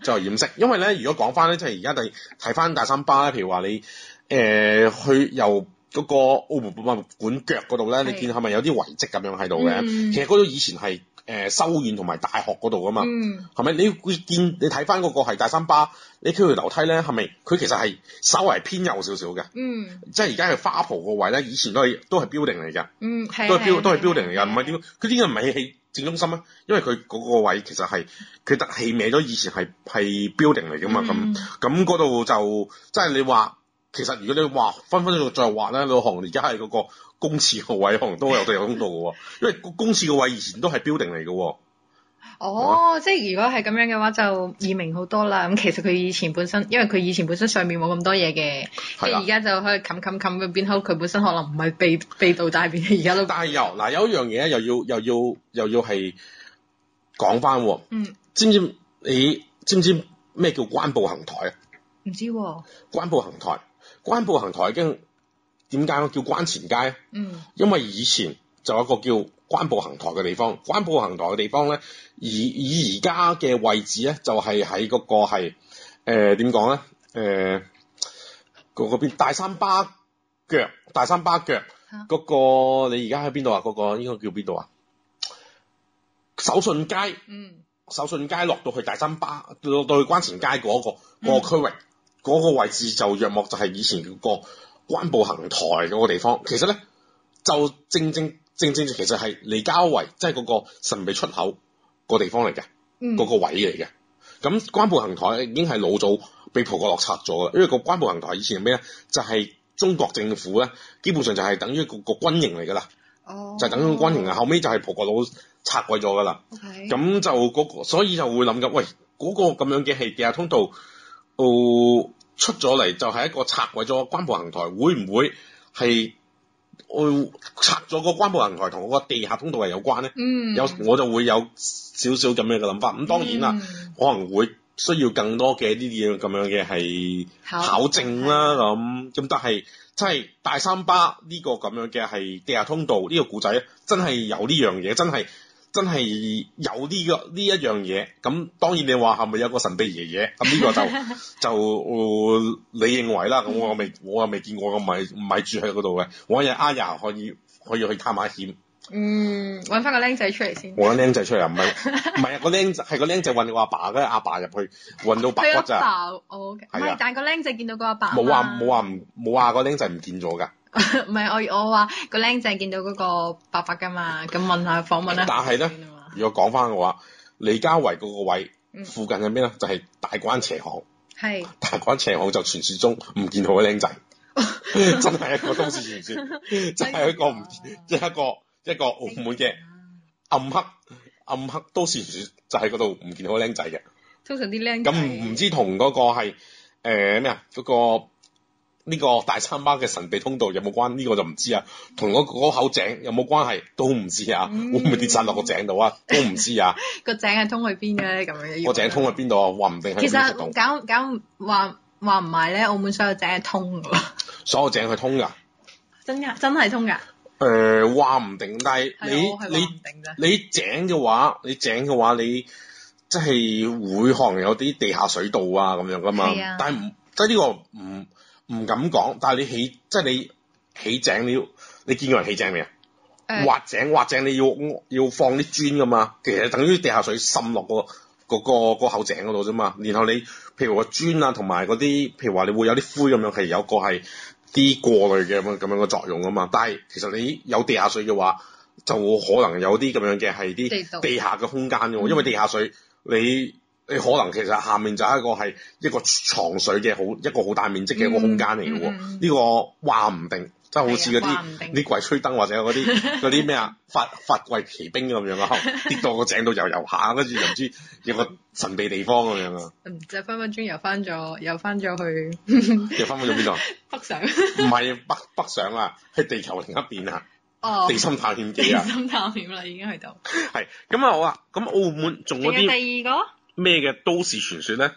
作為掩飾、哦，因為咧如果講翻咧，即係而家你睇翻大三巴咧，譬如話你誒、呃、去由嗰個澳門博物館腳嗰度咧，是你見係咪有啲遺跡咁樣喺度嘅？其實嗰度以前係。誒、呃、修院同埋大學嗰度啊嘛，係咪、嗯？你會見你睇翻嗰個係大三巴你呢條樓梯咧，係咪？佢其實係稍為偏右少少嘅，嗯、即係而家係花圃個位咧，以前都係都係 building 嚟㗎，都係 build 都係 building 嚟㗎，唔係點？佢點解唔係喺正中心啊？因為佢嗰個位其實係佢得起歪咗，以前係係 building 嚟㗎嘛，咁咁嗰度就即係你話，其實如果你話分分鐘再畫咧，老韓而家係嗰個。公廁個位可能都有都有通道嘅。 *laughs* 因為公廁個位以前都係標定嚟嘅。哦，嗯、即係如果係咁樣嘅話就，就易明好多啦。咁其實佢以前本身，因為佢以前本身上面冇咁多嘢嘅，即係而家就可以冚冚冚咁變好，佢本身可能唔係被被盜，大但係而家都但係又嗱、呃、有一樣嘢又要又要又要係講翻。嗯。知唔知你知唔知咩叫關部行台啊？唔知、嗯。關部行台，關部行台已經。點解我叫關前街啊？嗯，因為以前就有一個叫關部行台嘅地方。關部行台嘅地方咧，以以而家嘅位置咧，就係喺嗰個係誒點講咧？誒嗰個邊大三巴腳，大三巴腳嗰個你而家喺邊度啊？嗰、嗰個啊，嗰個應該叫邊度啊？手信街，嗯，手信街落到去大三巴，落到去關前街嗰、嗰個嗰、嗰個區域，嗰、嗯、個位置就約莫就係以前嗰個。關部行台嗰個地方，其實咧就正正正正其實係離郊圍即係嗰個神秘出口個地方嚟嘅，嗰、嗯、個位嚟嘅。咁關部行台已經係老早被葡國佬拆咗啦，因為個關部行台以前係咩咧？就係、是、中國政府咧，基本上就係等於個個軍營嚟噶啦，oh. 就等於個軍營啊。Oh. 後尾就係葡國佬拆鬼咗噶啦。咁 Okay. 就、嗰個，所以就會諗緊，喂，嗰、嗰個咁樣嘅係地下通道，哦、呃。出咗嚟就係一個拆毀咗個關部行台，會唔會係會拆咗個關部行台同我個地下通道係有關咧？嗯，有我就會有少少咁樣嘅諗法。咁、嗯、當然啦，嗯、可能會需要更多嘅呢啲咁樣嘅係考證啦。咁咁，但係真係大三巴呢個咁樣嘅係地下通道呢、呢個古仔，真係有呢樣嘢，真係。真係有呢、這個呢一樣嘢，咁、嗯、當然你話係咪有個神秘爺爺？咁、嗯、呢、這個就就、呃、你認為啦。咁、嗯嗯、我未，我又未見過個咪咪住喺嗰度嘅。往日阿爺可以可以，可以去探下險。嗯，揾翻個僆仔出嚟先。揾僆仔出嚟啊？唔係唔係啊！ *laughs* 那個僆仔係個僆仔揾你阿爸，跟住阿爸入去揾到白骨咋、啊。我嘅、okay, 啊。係但係個僆仔見到爸爸媽媽個阿爸。冇話冇話冇話個僆仔唔見咗㗎。唔係我我話個僆仔見到嗰個伯伯噶嘛，咁問下訪問啦。但係咧，如果講翻嘅話，李嘉圍嗰個位附近係咩咧？就係大關斜巷。係。大關斜巷就傳説中唔見到嘅僆仔，真係一個都市傳説，就係一個唔，即係一個一個澳門嘅暗黑暗黑都市傳説，就係嗰度唔見到僆仔嘅。通常啲僆仔咁唔知同嗰個係誒咩啊？嗰個。呢個大三巴嘅神秘通道有冇關？呢、這個就唔知啊。同嗰口井有冇關係都唔知啊。嗯、 *laughs* 會唔會跌曬落個井度啊？都唔知啊。 *laughs* *laughs* 個井係通去邊嘅咧？咁樣個井通去邊度啊？話唔定。其實係搞搞話話唔埋咧，澳門所有井係通㗎。 *laughs* 所有井係通㗎？真噶，真係通㗎？誒，話唔定，但係你你你，你井嘅話，你井嘅話，你即係會可能有啲地下水道啊咁樣㗎嘛。的但係唔即係呢個唔。嗯唔敢講，但係你起即係你起井，你要你見過人起井未啊？挖的井挖井，你要要放啲磚噶嘛，其實等於地下水滲落個嗰個口井嗰度啫嘛。然後你譬如個磚啊，同埋嗰啲譬如話你會有啲灰咁樣，係有個係啲過濾嘅咁樣咁樣嘅作用啊嘛。但係其實你有地下水嘅話，就可能有啲咁樣嘅係啲地下嘅空間喎，道因為地下水你。你可能其實下面就係一個係一個藏水嘅好一個好大面積嘅一個空間嚟嘅喎。呢個話唔定，即係好似嗰啲啲鬼吹燈或者嗰啲嗰啲咩啊，法法櫃奇兵咁樣啊，跌到個井度遊遊下，跟住又唔知有個神秘地方咁樣啊。就即分分鐘又翻咗，又翻咗去，又翻翻咗邊度？北上？唔係北北上啊，係地球另一邊啊。哦。地心探險記啊。地心探險啦，已經去到。係咁啊，好啊。咁澳門仲嗰啲。第二個。咩嘅都市傳說咧？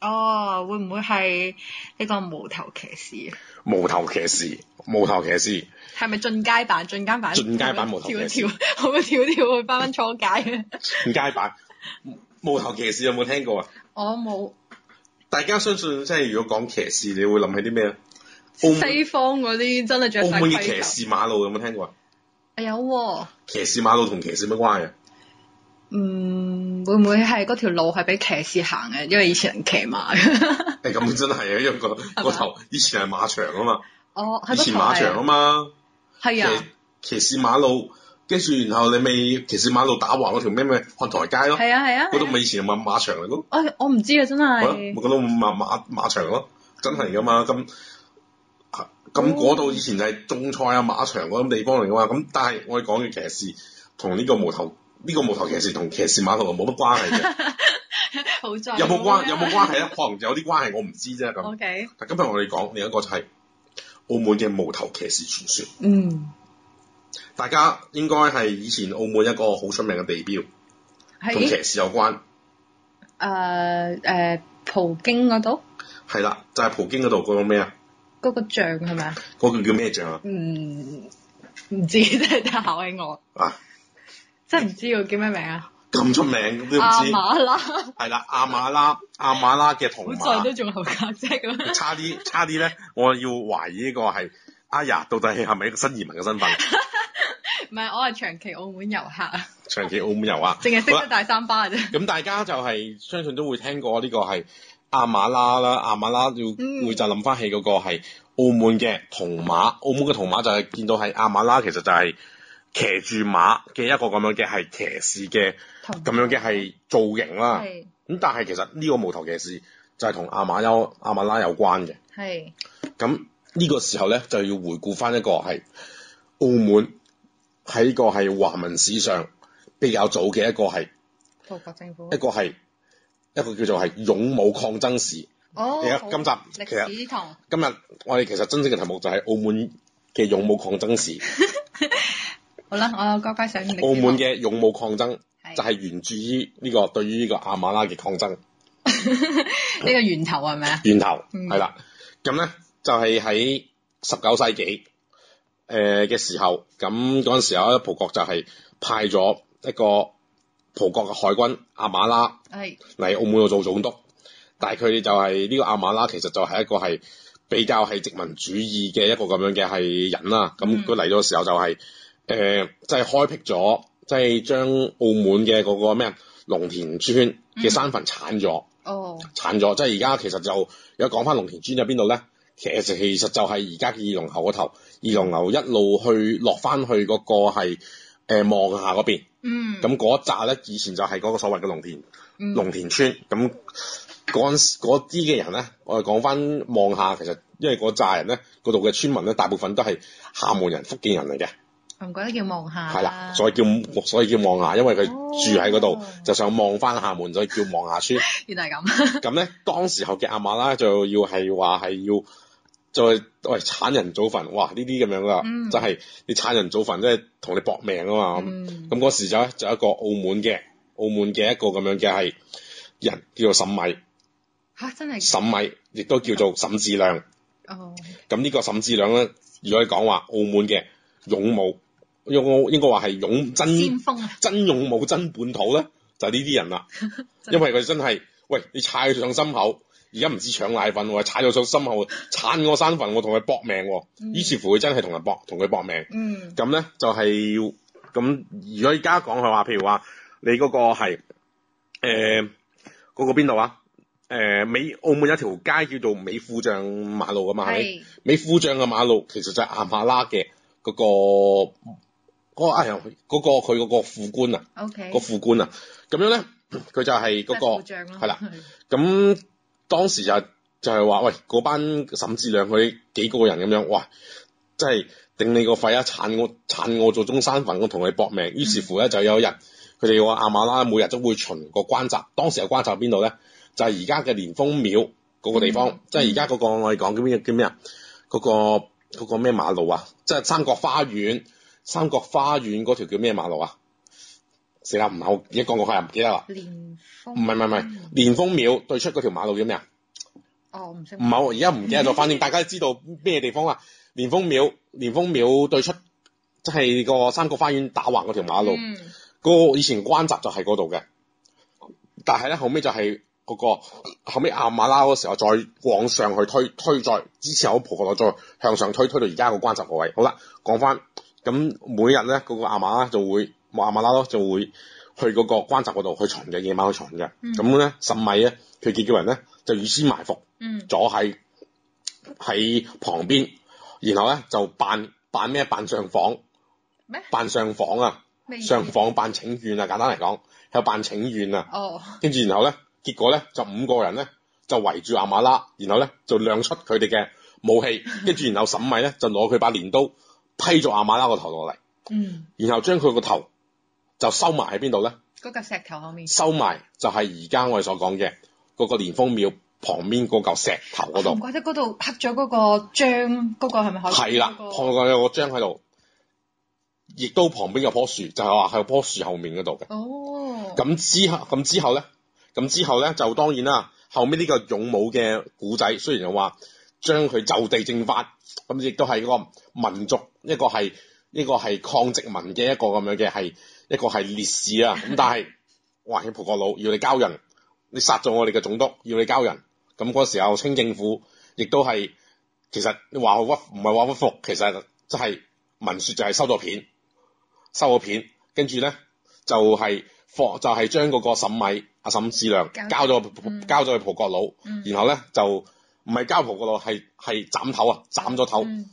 哦，會唔會係呢個無頭騎士啊？無頭騎士，無頭騎士係咪進階版？進階版？進階版無頭騎士，會唔會跳一跳，好跳跳去翻翻初街啊！進階版無頭騎士有冇聽過啊？我冇。大家相信，即係如果講騎士，你會諗起啲咩啊？西方嗰啲真係著晒盔甲。澳門嘅騎士馬路有冇聽過啊？有。騎士馬路同騎士乜關係？嗯，會唔會係嗰條路係俾騎士行嘅？因為以前人騎馬、 *laughs* 欸。誒咁真係啊，因為、那個個頭吧以前係馬場啊嘛。哦，以前馬場啊嘛。係啊。騎騎士馬路，跟住然後你咪騎士馬路打橫嗰條咩咩看台街咯。係啊係啊。嗰度、啊啊、以前係馬馬場嚟嘅、欸。我唔知 *laughs* *laughs* 啊，真係。係咯，咪度馬馬馬場咯，真係噶嘛咁。咁嗰度以前就係種菜啊馬場嗰種地方嚟嘅嘛。咁但係我哋講嘅騎士同呢個無頭。呢個無頭騎士同騎士馬頭冇乜關係嘅，有冇關有冇關係，有有關係啊？可能有啲關係我，我唔知啫咁。OK 但今日我哋講另一個就係澳門嘅無頭騎士傳說。嗯，mm. 大家應該係以前澳門一個好出名嘅地標，同是騎士有關。誒誒，葡京嗰度？係啦，就係、是、葡京嗰度嗰個咩啊？嗰個像係咪？嗰個叫咩像啊？唔唔知，真係考起我。啊！ *laughs* 真係唔知佢叫咩名啊！咁出名都唔知阿瑪。 *laughs* 阿馬拉係啦，阿馬拉阿馬拉嘅銅馬。好 *laughs* 都仲留家姐咁 *laughs* 差啲差啲咧，我要懷疑呢個係阿爺到底係咪一個新移民嘅身份？唔係， *laughs* 我係長期澳門遊客啊。長期澳門遊客，淨係識得大三巴嘅啫。咁大家就係相信都會聽過呢個係阿馬拉啦，阿馬拉要、嗯、會就諗翻起嗰個係澳門嘅銅馬，澳門嘅銅馬就係見到係阿馬拉，其實就係、是。騎住馬嘅一個咁樣嘅係騎士嘅咁樣嘅係造型啦。咁是、嗯、但係其實呢個無頭騎士就係同阿馬丘阿馬拉有關嘅。咁呢是、嗯、這個時候咧就要回顧翻一個係澳門喺個係華文史上比較早嘅一個係葡國政府一個係一個叫做係勇武抗爭史。哦，歷史同今日我哋其實真正嘅題目就係澳門嘅勇武抗爭史。 *laughs* 好啦，我乖乖想上。澳門嘅勇武抗爭是就係源自於呢、呢個對於呢個阿馬拉嘅抗爭。呢 *laughs* 個源頭係咪啊？源頭係啦。咁咧、嗯、就係喺十九世紀誒嘅、呃、時候，咁嗰陣時候咧，葡國就係派咗一個葡國嘅海軍阿馬拉嚟是澳門度做總督，但係佢就係、是、呢、呢個阿馬拉其實就係一個係比較係殖民主義嘅一個咁樣嘅係人啦。咁佢嚟咗嘅時候就係。嗯誒、呃，即係開闢咗，即係將澳門嘅嗰個咩龍田村嘅山墳剷咗，mm. oh. 剷咗。即係而家其實就而家講翻龍田村喺邊度咧？其實其實就係而家嘅二龍喉個頭，二龍喉一路去落翻去嗰個係、呃、望廈嗰邊，咁嗰、mm. 一紮咧以前就係嗰個所謂嘅龍田龍田村。咁嗰嗰啲嘅人咧，我哋講翻望廈，其實因為嗰紮人咧，嗰度嘅村民咧，大部分都係廈門人、mm. 福建人嚟嘅。唔覺得叫望霞，啊，啦，啦、 *noise* 啊，所以叫所以叫望霞，因為佢住喺嗰度，哦哦、就想望翻廈門，所以叫望霞村。原來係咁。咁咧，當時候嘅阿媽啦，就要係話係要再喂鏟人祖墳，哇！呢啲咁樣噶，嗯、就係、是、你鏟人祖墳即係同你搏命啊嘛。咁嗰、嗯、時就咧就有一個澳門嘅澳門嘅一個咁樣嘅係人叫做沈米嚇、啊，真係沈米，亦都叫做沈志亮。哦。咁呢個沈志亮咧，如果你講話澳門嘅勇武。用我應該話係勇真鋒真勇武真本土咧，就係呢啲人啦。 *laughs* 的因為佢真係喂，你踩上心口，而家唔知搶奶粉喎，踩到上心口，鏟我三份，我同佢搏命喎、哦。嗯、於是乎佢真係同人搏，同佢搏命。嗯，咁咧就係、是、咁。如果而家講係話，譬如話你嗰個係誒嗰個邊度啊？誒、呃、美澳門有一條街叫做美副將馬路噶嘛？係是美副將嘅馬路其實就係阿馬拉嘅嗰、那個。那個嗰個哎呀，佢嗰副官啊，個副官啊，咁樣咧，佢就係嗰個係啦。咁當時就就係話：喂，嗰班沈志亮佢幾個人咁樣，哇，即係頂你個肺啊！鏟我鏟我做中山粉，我同佢搏命。於是乎咧，就有一日，佢哋話亞馬拉每日都會巡個關閘。當時個關閘邊度咧？就係而家嘅蓮峰廟嗰個地方，即係而家嗰個我哋講叫咩？叫咩啊？嗰個嗰個咩馬路啊？即係三角花園。三角花園嗰條叫咩馬路啊？死啦，唔係，你講講下唔記得啦。蓮峰唔係唔係唔係蓮峰廟對出嗰條馬路叫咩啊？哦，唔係喎，而家唔記得咗。 *laughs* 反正大家知道咩地方啊？蓮峰廟，蓮峰廟對出即係、就是、個三角花園打橫嗰條馬路。嗯。個以前關閘就係嗰度嘅，但係咧後尾就係嗰、那個後尾阿馬拉嗰時候再往上去推推再之前好婆格再向上推推到而家個關閘個位。好啦，講翻。咁、嗯、每日咧，嗰、那個阿馬拉就會阿馬拉咯，就會去嗰個關閘嗰度去巡嘅，夜晚去巡嘅。咁咧、嗯，沈米啊，佢叫叫人咧就事先埋伏，嗯，坐喺喺旁邊，然後咧就扮扮咩？扮上訪咩？扮麼上訪啊，麼上訪扮請願啊，簡單嚟講，係扮請願啊。哦。跟住然後咧，結果咧就五個人咧就圍住阿馬拉，然後咧就亮出佢哋嘅武器，跟住 *laughs* 然後沈米咧就攞佢把鎌刀。批咗阿馬拉個頭落嚟，嗯、然後將佢個頭就收埋喺邊度咧？嗰嚿石頭後面。收埋就係而家我哋所講嘅嗰個蓮峰廟旁邊嗰嚿石頭嗰度。唔、啊、怪得嗰度刻咗嗰個章，嗰、嗰個係咪？可以的？係啦、嗰個，有個章喺度，亦都旁邊有棵樹，就係話喺棵樹後面嗰度嘅。哦。咁之後，咁之後咧，咁之後咧就當然啦，後面呢個勇武嘅古仔，雖然就話。將佢就地正法，咁亦都係一個民族，一個係，呢個係抗殖民嘅一個咁樣嘅係，一個係烈士啊！咁但係，哇！喺葡國佬要你交人，你殺咗我哋嘅總督，要你交人。咁、嗯、嗰時候清政府亦都係，其實你話屈唔係話屈服，其實就係、是、文說就係收咗片，收咗片，跟住咧就係放，就係將嗰個沈米阿沈志良交咗、嗯、交咗去葡國佬，然後咧就。唔係交婆嗰度，係係斬頭啊！斬咗頭就、嗯、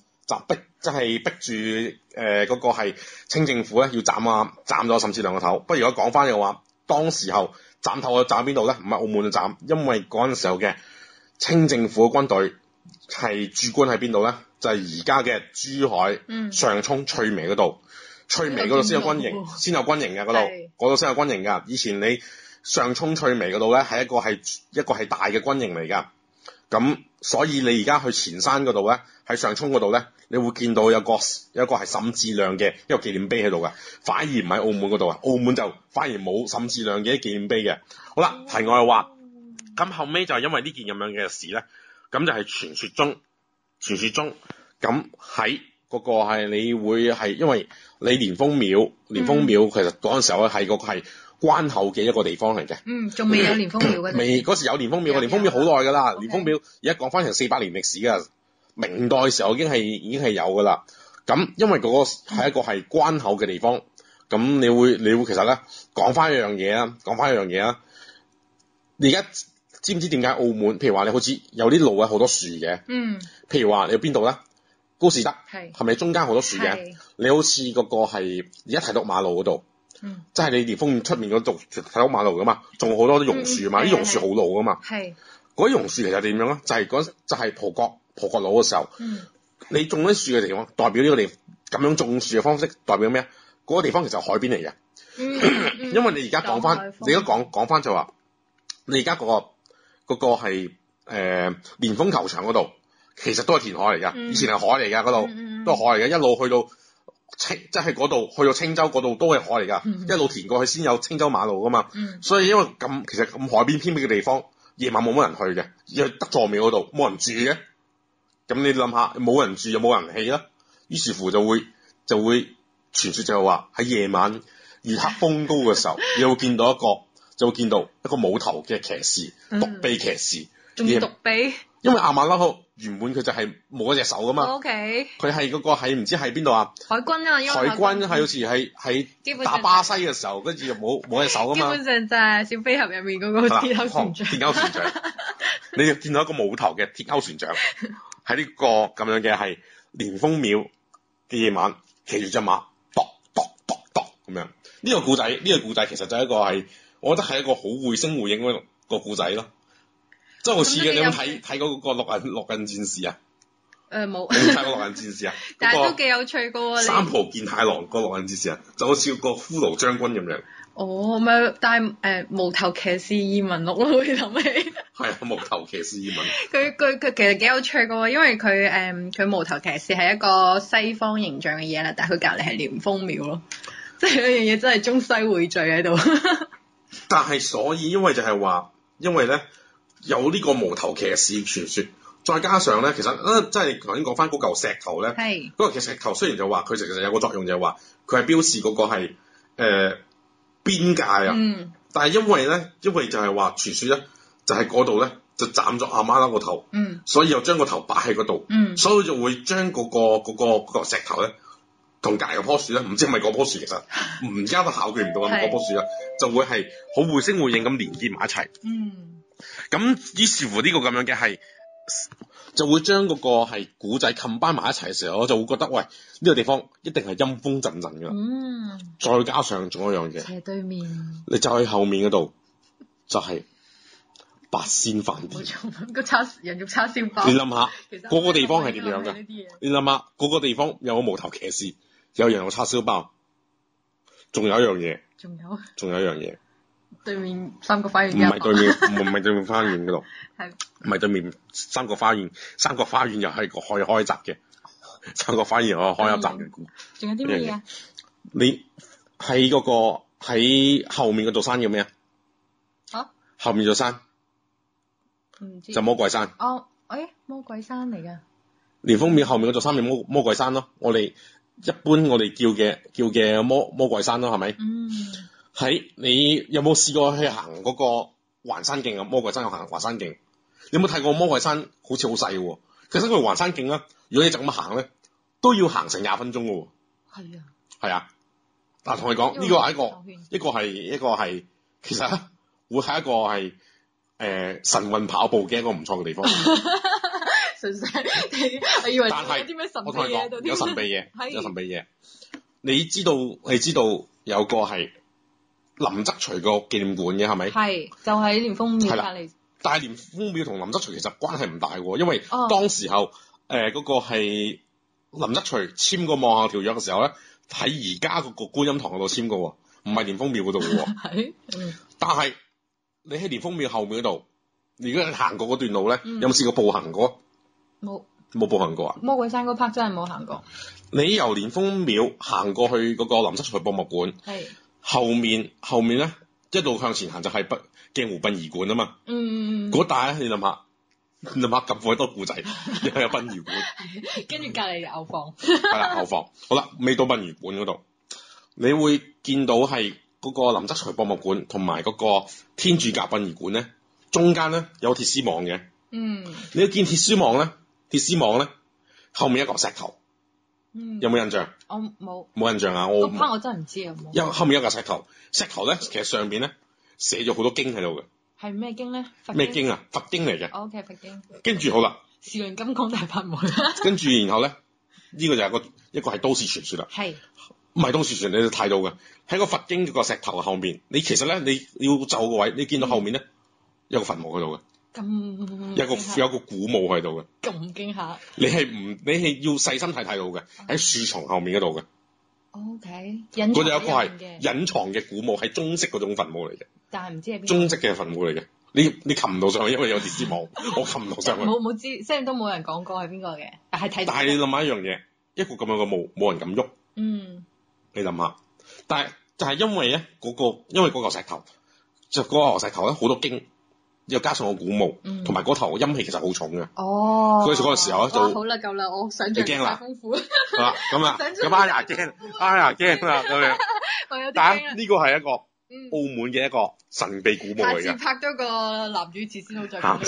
逼，即、就、係、是、逼住誒嗰個係清政府咧要斬啊！斬咗甚至兩個頭。不如果講翻嘅話，當時候斬頭嘅斬邊度咧？唔係澳門嘅斬，因為嗰陣時候嘅清政府嘅軍隊係駐軍喺邊度咧？就係而家嘅珠海、嗯、上沖翠微嗰度，嗯、翠微嗰度先有軍營，先是有軍營嘅嗰度，嗰度先有軍營嘅。以前你上沖翠微嗰度咧，係一個係一個係大嘅軍營嚟㗎。咁所以你而家去前山嗰度咧，喺上涌嗰度咧，你會見到有一個有一個係沈志亮嘅一個紀念碑喺度噶，反而唔係澳門嗰度啊，澳門就反而冇沈志亮嘅紀念碑嘅。好啦，題外話，咁後尾就因為這件這呢件咁樣嘅事咧，咁就係傳說中，傳說中咁喺嗰個係你會係因為你蓮峰廟，蓮峰廟其實嗰陣時候咧係、嗰個係。關口嘅一個地方嚟嘅，嗯，仲未有蓮峰廟嗰陣，未嗰時有 Okay. 蓮峰廟，個蓮峰廟好耐噶啦，蓮峰廟而家講翻成四百年歷史噶，明代時候已經係已經係有噶啦。咁、嗯、因為嗰個係一個係關口嘅地方，咁你會你會其實咧講翻一樣嘢啊，講翻一樣嘢啊。你而家知唔知點解澳門？譬如話你好似有啲路啊，好多樹嘅，嗯，譬如話你去邊度咧？高士德係，係咪是中間是是好多樹嘅？你好似嗰個係而家提督馬路嗰度。即係、 *noise* 嗯、你蓮峰出面嗰度，睇到馬路噶嘛，種好多啲榕樹嘛，啲、嗯、榕樹好老噶嘛。係。嗰啲榕樹其實點樣啊？就係、是、嗰，就係葡國、葡國佬嘅時候。嗯、你種啲樹嘅地方，代表呢個地咁樣種樹嘅方式代表咩啊？嗰、那個地方其實係海邊嚟嘅。 *laughs* 因為你而家講翻，你而家講講翻就話，你而家嗰個嗰、那個係誒蓮峰球場嗰度，其實都係填海嚟噶、嗯，以前係海嚟噶嗰度，都係海嚟嘅，一路去到。青即係嗰度，去到青州嗰度都係海嚟噶，mm hmm. 一路填過去先有青州馬路噶嘛。Mm hmm. 所以因為咁，其實咁海邊偏僻嘅地方，夜晚冇乜人去嘅，又得座廟嗰度冇人住嘅。咁你諗下，冇人住又冇人氣啦，於是乎就會就會傳說就係話喺夜晚月黑風高嘅時候， *laughs* 你會見到一個，就會見到一個冇頭嘅騎士，獨臂騎士，仲獨臂。因為阿馬拉克原本佢就係冇一隻手噶嘛，佢係嗰個喺唔知喺邊度啊？海軍啊，因為海軍係好似係喺打巴西嘅時候，跟住又冇冇隻手噶嘛。基本上就係小飛俠入面嗰個鐵鈎船長，鐵鈎吧、嗯、船長， *laughs* 你見到一個冇頭嘅鐵鈎船長喺呢 *laughs* 個咁樣嘅係蓮峰廟嘅夜晚，騎住隻馬，跺跺跺跺咁樣。呢、這個故仔呢、這個故仔、這個、其實就一個係，我覺得係一個好會聲會影嘅個故仔咯。就好似嘅，你有冇睇睇嗰個烙印烙印戰士》啊？誒冇。烙印戰士啊！呃、有有但係都幾有趣嘅喎、啊。三浦建太，太郎個烙印戰士啊，就好似個骷髏將軍咁樣。哦，咁咪但係誒《無、呃、頭騎士異聞錄》咯、嗯，會諗起。係啊，《無頭騎士異聞 *laughs* 》。佢佢佢其實幾有趣嘅喎，因為佢誒佢無頭騎士係一個西方形象嘅嘢啦，但係佢隔籬係蓮峰廟咯，即係一樣嘢真係中西匯聚喺度。但係所以因為就係話，因為咧。有呢個無頭騎士傳說，再加上咧，其實啊，即係頭先講翻嗰嚿石頭咧，係嗰是的 個其石頭雖然就話佢其實有個作用，就係話佢係標示嗰個係誒、呃、邊界啊，嗯，但係因為咧，因為就係話傳說咧、啊，就係嗰度咧就斬咗阿媽啦個頭，嗯，所以又將個頭擺喺嗰度，嗯，所以就會將嗰、嗰個嗰、嗰個、石頭咧同隔籬嗰棵樹咧，唔知係咪嗰棵樹其實唔加都考據唔到啊，嗰棵樹啦，就會係好繪聲繪影咁連結埋一齊，嗯。嗯。咁於是乎呢個咁樣嘅係，就會將嗰個係古仔冚班埋一齊嘅時候，我就會覺得喂呢個地方一定係陰風陣陣噶啦。嗯。再加上仲有一樣嘢，斜對面，你就喺後面嗰度，就係八仙飯店，個叉人肉叉燒包。你諗下。 *laughs* 其實個地方係點樣噶？你諗下，嗰個地方有個無頭騎士，有人肉叉燒包，仲有一樣嘢。仲有。仲有一樣嘢。對面三角花園，唔係對面，唔係對, *laughs* 對面花園嗰度，係唔係對面三角花園？三角花園又係個開開閘嘅，三角花園哦開一閘。仲有啲咩嘢啊？你喺嗰個喺後面嗰座山叫咩啊？啊？後面座山？唔知就魔鬼山。哦，哎，魔鬼山嚟噶。蓮峰廟後面嗰座山叫魔魔鬼山咯，我哋一般我哋叫嘅叫嘅魔魔鬼山咯，係咪？嗯。喺、hey, 你有冇試過去行嗰個環山徑啊？魔鬼山，行環山有行環山徑，有冇睇過魔鬼山好似好細嘅？其實佢環山徑咧，如果你就咁行咧，都要行成廿分鐘嘅。係啊，係啊，但同你講呢個係一個一個係一個係，其實會係一個係誒、呃、晨運跑步嘅一個唔錯嘅地方。神仙，你我以為啲咩 *laughs* 是神秘嘢？有神秘嘢，有神秘嘢，秘 *laughs* 你知道你知道有個係。林則徐個紀念館嘅係咪？係，就喺、是、蓮峰廟隔籬。但係蓮峰廟同林則徐其實關係唔大，因為當時候誒嗰個係林則徐簽個望廈條約嘅時候咧，喺而家嗰個觀音堂嗰度簽過，唔係蓮峰廟嗰度嘅。係， *laughs* 但係你喺蓮峰廟後面嗰度，如果你行過嗰段路咧，嗯、有冇試過步行過？冇、嗯沒。冇步行過啊？魔鬼山嗰 part 真係冇行過。你由蓮峰廟行過去嗰個林則徐博物館。係。後面，後面咧，一路向前行就係北鏡湖殯儀館啊嘛。嗯。嗰帶啊，你諗下，諗下咁鬼多古仔，又 *laughs* 有殯儀館， *laughs* 跟住隔籬牛房。係 *laughs* 啦， *laughs* 牛房。好啦，未到殯儀館嗰度，你會見到係嗰個林則徐博物館同埋嗰個天主教殯儀館咧，中間咧有鐵絲網嘅。嗯。你要見鐵絲網咧，鐵絲網咧，後面一個石頭。嗯，有冇印象？我冇冇印象啊！我塊我真係唔知啊！因後面一個石頭，石頭咧其實上邊咧寫咗好多經喺度嘅。係咩經咧？咩經，經啊？佛經嚟嘅。O、okay, K，佛經。跟住好啦。時輪金剛大法門。跟 *laughs* 住然後咧，呢、這個就係個一個係都市傳說啦。係 *laughs* 是。唔係都市傳說，你都睇到嘅。喺個佛經個石頭後面，你其實咧你要走個位，你見到後面咧有個墳墓喺度嘅。咁有個有個古墓喺度嘅，咁驚嚇！你係唔你係要細心睇，睇到嘅，喺 *laughs* 樹叢後面嗰度嘅。O K，隱嗰就一個係隱藏嘅古墓，係中式嗰種墳墓嚟嘅。但係唔知係中式嘅墳墓嚟嘅，你你撳唔到上去，因為有電線網， *laughs* 我撳唔到上去。冇冇 *laughs* 知，雖然都冇人講過係邊個嘅，但係睇、那個。但係你諗下一樣嘢，一個咁樣嘅墓，冇人敢喐。嗯。你諗下，但係就係因為咧嗰、那個，因為嗰嚿石頭就嗰個石頭咧，好、那個那個、多經。又加上我古墓，同埋嗰頭陰氣其實好重嘅。哦。所以嗰個時候就。好啦，夠啦，我想像得太豐富。你驚啦？啊，咁啊，咁阿雅驚，阿雅驚啦，係咪啊？我有啲驚啦。但呢個係一個澳門嘅一個神秘古墓嚟嘅。拍咗個男主持先好再講。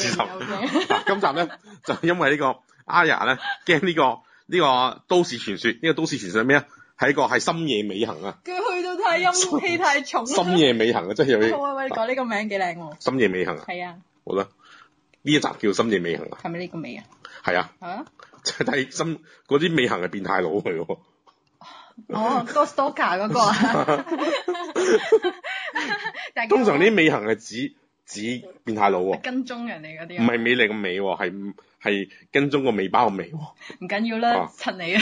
今集咧就因為呢個阿雅咧驚呢個呢個都市傳説，呢個都市傳説係咩啊？係一個係深夜尾行啊。係陰氣太重，深夜尾行啊，真係有啲。喂，啊，喂，你講呢個名幾靚喎。深夜尾行啊？係啊。好啦，呢一集叫深夜尾行啊。係咪呢個尾啊？係啊。啊？即係睇深嗰啲尾行係變態佬嚟嘅。哦，Stalker 嗰個。啊。但係通常啲尾行係指指變態佬喎。跟蹤人哋嗰啲。唔係美麗嘅尾，係係跟蹤個尾巴個尾。唔緊要啦，襯你啊。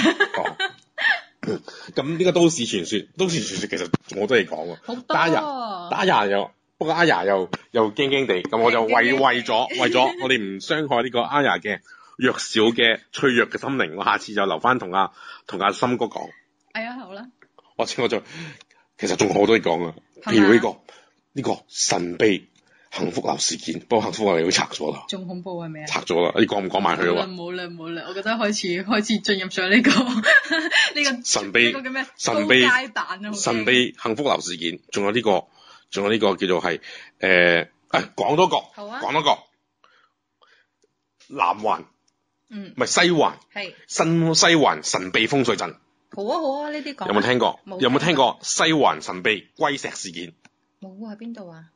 咁呢、嗯、個都市傳說，都市傳說其實我都嚟講喎。好得打、哦、Aya、Aya 又，不過 Aya 又又驚驚地，咁我就為為為為咗為咗我哋唔傷害呢個 Aya 嘅弱小嘅脆弱嘅心靈，我下次就留翻同阿同阿森哥講。係啊，啊哎、好啦。我知我再，其實仲好多嘢講啊，譬如呢、個呢、個神秘。幸福樓事件，不過幸福樓又拆咗啦。仲恐怖係咪啊？拆咗啦，你講唔講埋佢啊？冇啦冇啦，我覺得開始開始進入咗呢個呢個神秘嗰個叫咩？神秘神秘幸福樓事件，仲有呢個，仲有呢個叫做係誒，誒，講多個，講多個，南環，嗯，唔係西環，係新西環神秘風水陣。好啊好啊，呢啲講。有冇聽過？有冇聽過西環神秘龜石事件？冇啊，喺邊度啊？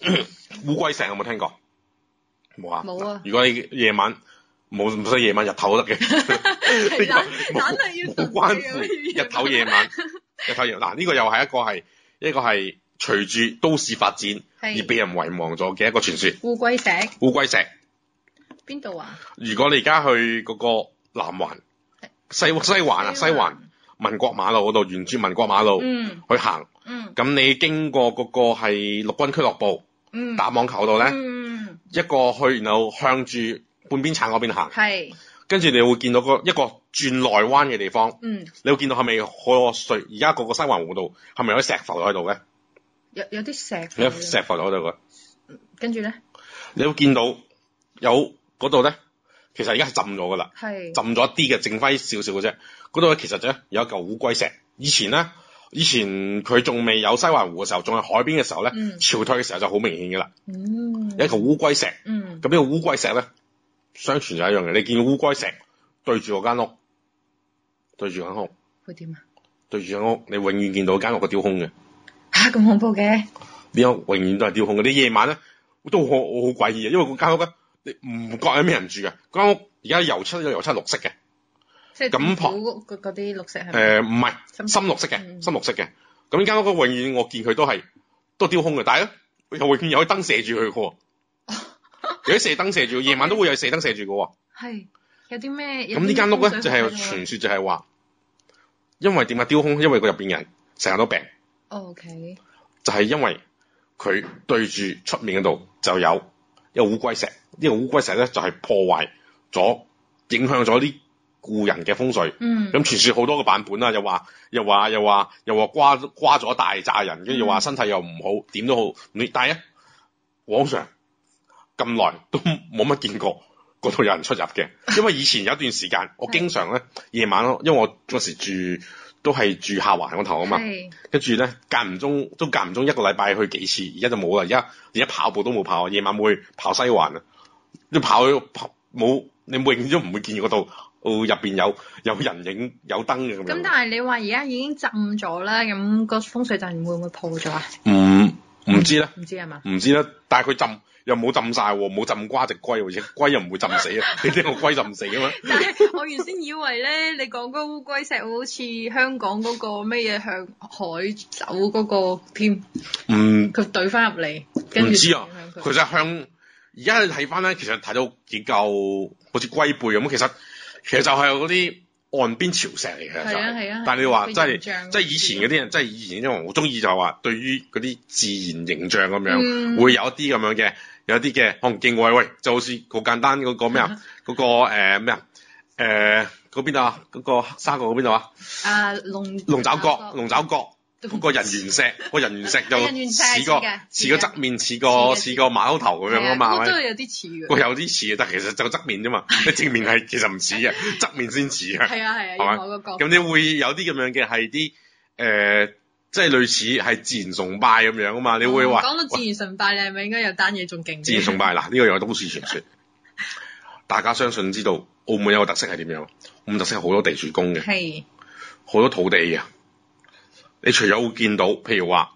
烏龜 *coughs* 石有冇聽過？冇啊！冇啊！如果你夜晚冇唔使夜晚，日頭都得嘅。梗係要關。冇關係 *laughs* 日頭、夜晚、日頭。嗱、 *laughs* 啊，呢、這個又係一個係一個係隨住都市發展是而被人遺忘咗嘅一個傳說。烏龜石。烏龜石。邊度啊？如果你而家去嗰個南環是、西西環啊，西環。西環民國馬路嗰度，沿住民國馬路去行，咁、嗯嗯、你經過嗰個係陸軍俱樂部，嗯、打網球度咧，嗯、一個去，然後向住半邊鏟嗰邊行，是跟住你會見到個一個轉內彎嘅地方，嗯、你會見到係咪嗰個水？而家個個西環湖度係咪有啲石浮喺度嘅？有有啲石，石浮喺度嘅。跟住咧，你會見到有嗰度咧。其實而家係浸咗噶啦，是浸咗啲嘅，剩翻少少嘅啫。嗰度其實咧有一嚿烏龜石，以前咧，以前佢仲未有西環湖嘅時候，仲係海邊嘅時候咧，嗯、潮退嘅時候就好明顯噶啦。嗯，有一嚿烏龜石，咁、嗯、呢個烏龜石咧，相傳就一樣嘅。你見烏龜石對住個間屋，對住間屋，會點啊？對住間屋，你永遠見到間屋個雕空嘅。吓、啊，咁、啊、恐怖嘅？點解永遠都係雕空嘅？啲夜晚咧都好好詭異啊，因為個間屋咧。你唔覺有咩人住啊？間、那個、屋而家油漆，有油漆綠色嘅，即係咁屋嗰啲綠色係。誒那，唔係、呃、深綠色嘅、嗯，深綠色嘅。咁呢間屋永遠我見佢都係都丟空嘅，但係又永遠有燈射住佢嘅， *laughs* 有啲射燈射住，夜 Okay. 晚都會有射燈射住嘅。係， *laughs* 有啲咩？咁呢間屋咧就係傳說，說，就係話，因為點解丟空，因為佢入邊人成日都病。o Okay . k 就係因為佢對住出面嗰度就有。一個烏龜石，個烏龜石呢個烏龜石咧就係、是、破壞咗，影響咗啲故人嘅風水。嗯，咁傳說好多個版本啦、啊，又話又話又話又話刮刮咗大扎人，跟住話身體又唔好，點都好。你但係咧，往常咁耐都冇乜見過嗰度有人出入嘅，因為以前有一段時間 *laughs* 我經常咧夜晚咯，因為我嗰時住。都係住下環個頭啊嘛，跟住咧間唔中都間唔中一個禮拜去幾次，而家就冇啦，而家而家跑步都冇跑，夜晚冇去跑西環啊，你跑去跑冇，你永遠都唔會見到嗰度，哦入邊有有人影有燈嘅咁樣，咁，但係你話而家已經浸咗啦，咁個風水陣會唔會破咗啊？唔知啦，唔、嗯、知係嘛，唔知啦，但係佢浸又冇浸晒喎、哦，冇浸瓜隻龜、哦，好似龜又唔會浸死啊，你知我龜浸死嘅嘛？我原先以為咧，你講嗰烏龜石好似香港嗰個咩嘢向海走嗰個添，嗯，佢懟翻入嚟，唔知啊，佢就，其實向而家睇翻咧，其實睇到幾嚿好似龜背咁，其實其實就係有嗰啲。岸邊潮石嚟嘅。啊啊、但係你話，啊啊、真係是，即係以前嗰啲人，即係以前啲人好中意就係話，對於嗰啲自然形象咁樣，嗯、會有一啲咁樣嘅，有一啲嘅，可能敬畏喎，喂，就好似好簡單嗰、嗰個咩啊，嗰、嗰個咩啊，誒、呃、嗰、呃、邊啊，嗰、嗰個沙角嗰邊啊嘛，啊龍、龍爪角，龍爪角。個人猿石，個人猿石就似個似個側面，似個似個馬騮頭咁樣啊嘛，係咪？都有啲似嘅。有啲似啊，但其實就側面啫嘛，你正面係其實唔似嘅，側面先似啊。係啊係啊，係嘛嗰個。咁你會有啲咁樣嘅係啲誒，即係類似係自然崇拜咁樣啊嘛，你會話講到自然崇拜，你係咪應該有單嘢仲勁？自然崇拜嗱，呢個又係都市傳說。大家相信知道，澳門有個特色係點樣？澳門特色係好多地主公嘅，係好多土地嘅。你除咗會見到，譬如話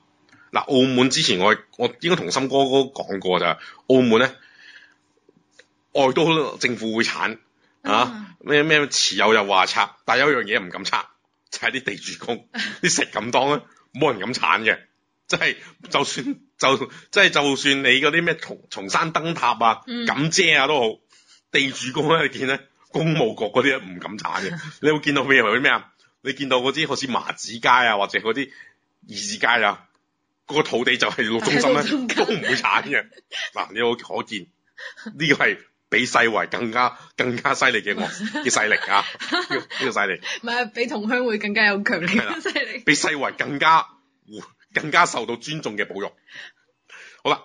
嗱，澳門之前我我應該同心哥都講過就係、是、澳門咧，外都政府會剷啊，咩咩、嗯、持有就話拆，但係有樣嘢唔敢拆，就係、是、啲地主公，啲 *laughs* 石敢當咧，冇人敢剷嘅，即、就、係、是、就算就即係、就是、就算你嗰啲咩松松山燈塔啊、咁遮啊都好，嗯、地主公咧你見咧，公務局嗰啲唔敢剷嘅，你會見到咩啊？咩啊？你見到嗰啲好似麻子街啊，或者嗰啲二字街啊，嗰個土地就係六中心咧，都唔會產嘅。嗱，你我可見呢個係比世圍更加更加犀利嘅惡嘅勢力啊！呢個犀利！唔係比同鄉會更加有強力，犀利，比世圍更加更加受到尊重嘅保育。好啦，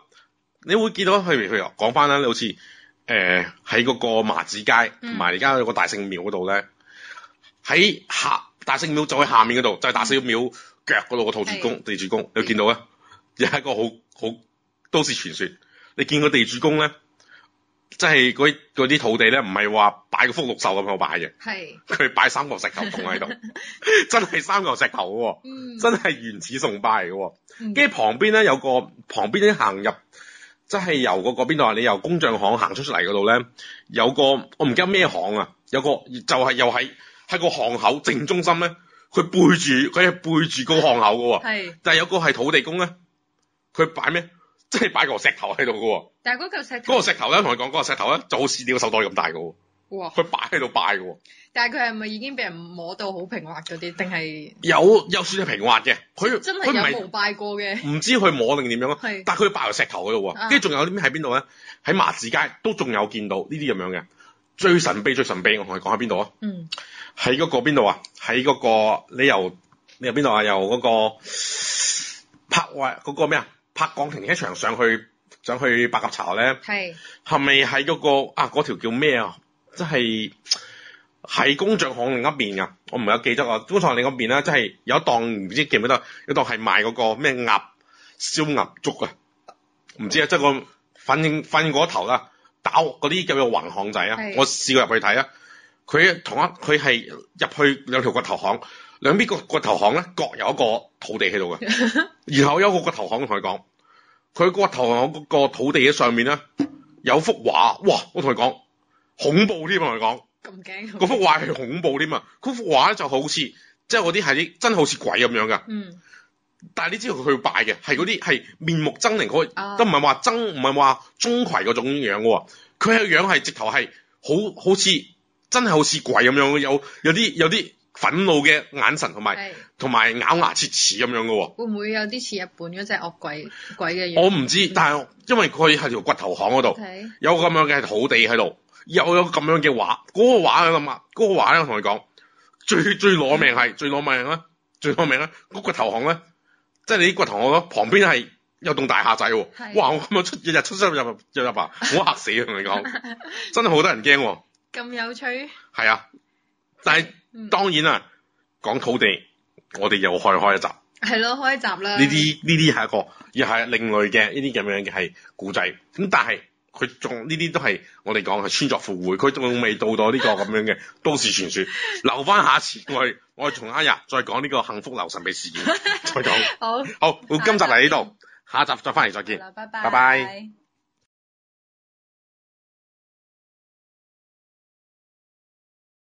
你會見到佢哋佢又講翻啦，好似誒喺嗰個麻子街同埋而家個大聖廟嗰度咧，喺下。大聖廟就喺下面嗰度，就係、是、大聖廟腳嗰度個土主公、地主公，你見到啊？又係一個好好都市傳說。你見個地主公咧，即係嗰啲土地咧，唔係話擺個福禄壽咁好擺嘅，係佢係擺三塊石頭，仲喺度，真係三塊石頭嘅、喔，嗯、真係原始崇拜嚟嘅、喔。跟住、嗯、旁,旁邊咧有個旁邊啲行入，即係由、那個個邊度啊？你由工匠巷行出出嚟嗰度咧，有個我唔記得咩行啊？有個就係、是、又係。喺個巷口正中心咧，佢背住佢係背住個巷口噶喎、哦， *laughs* 是但係有個係土地公咧，佢擺咩？即係擺個石頭喺度噶喎。但係嗰嚿石嗰個石頭咧，同你講嗰個石頭咧、那個，就好似你個手袋咁大噶喎。哇！佢擺喺度拜噶。但係佢係咪已經俾人摸到好平滑咗啲？定係有有算係平滑嘅。佢真係佢唔係拜過嘅。唔知佢摸定點樣咯？ *laughs* 是但係佢擺個石頭喺度喎，跟住仲有啲咩喺邊度咧？喺麻市街都仲有見到呢啲咁樣嘅。最神秘最神秘，我同你講喺邊度啊？嗯，喺嗰個邊度啊？喺嗰個你由你由邊度啊？由嗰個拍華嗰個咩啊？柏港亭停車場上去，想去白鴿巢咧。係，係咪喺嗰個啊？嗰條叫咩啊？即係喺工爵巷另一邊啊。我唔係有記得啊。工爵巷另一邊咧，即係有一檔唔知記唔記得？有一檔係賣嗰個咩鴨燒鴨粥啊。唔知啊，即係個反應反應過頭啦。打是我嗰啲叫咩橫巷仔啊！我試過入去睇啊，佢同一佢係入去兩條個頭巷，兩邊個個頭巷咧各有一個土地喺度嘅。 *laughs* 然後有一個頭巷同佢講，佢個頭巷嗰個、嗰個土地喺上面咧有幅畫，哇！我同佢講恐怖添，我同佢講。咁驚？嗰幅畫係恐怖添啊！嗰幅畫咧就好似即係嗰啲係真好似鬼咁樣噶。嗯但係你知道佢佢拜嘅係嗰啲係面目猙獰。嗰、oh. 都唔係話憎，唔係話鐘馗嗰種樣嘅喎。佢嘅樣係直頭係好好似真係好似鬼咁樣，有有啲有啲憤怒嘅眼神，同埋同埋咬牙切齒咁樣嘅喎。會唔會有啲似日本嗰隻惡鬼鬼嘅？我唔知，嗯、但係因為佢係條骨頭巷嗰度，Okay. 有咁樣嘅土地喺度，又有咁樣嘅畫。嗰、嗰個畫我諗啊，嗰、嗰個畫咧、嗰個、我同你講，最最攞命係最攞命咧，最攞命咧嗰個呢骨頭巷咧。即係你呢骨頭，我咯旁邊係有棟大廈仔，的哇！我咁樣出日日出日出入入入入，我吓死同 *laughs* 你講，真係好得人驚。咁有趣？係啊，但係、嗯、當然啦，講土地，我哋又開開一集。係咯，開一集啦。呢啲呢啲係一個，又係另類嘅呢啲咁樣嘅係古仔。咁但係。佢仲呢啲都係我哋講係穿鑿附會，佢仲未到到呢個咁樣嘅都市傳說，留翻下次我哋我哋重一日再講呢個幸福流神秘事件，再講 *laughs* 好，好，今集嚟呢度，下集再翻嚟再見，拜拜。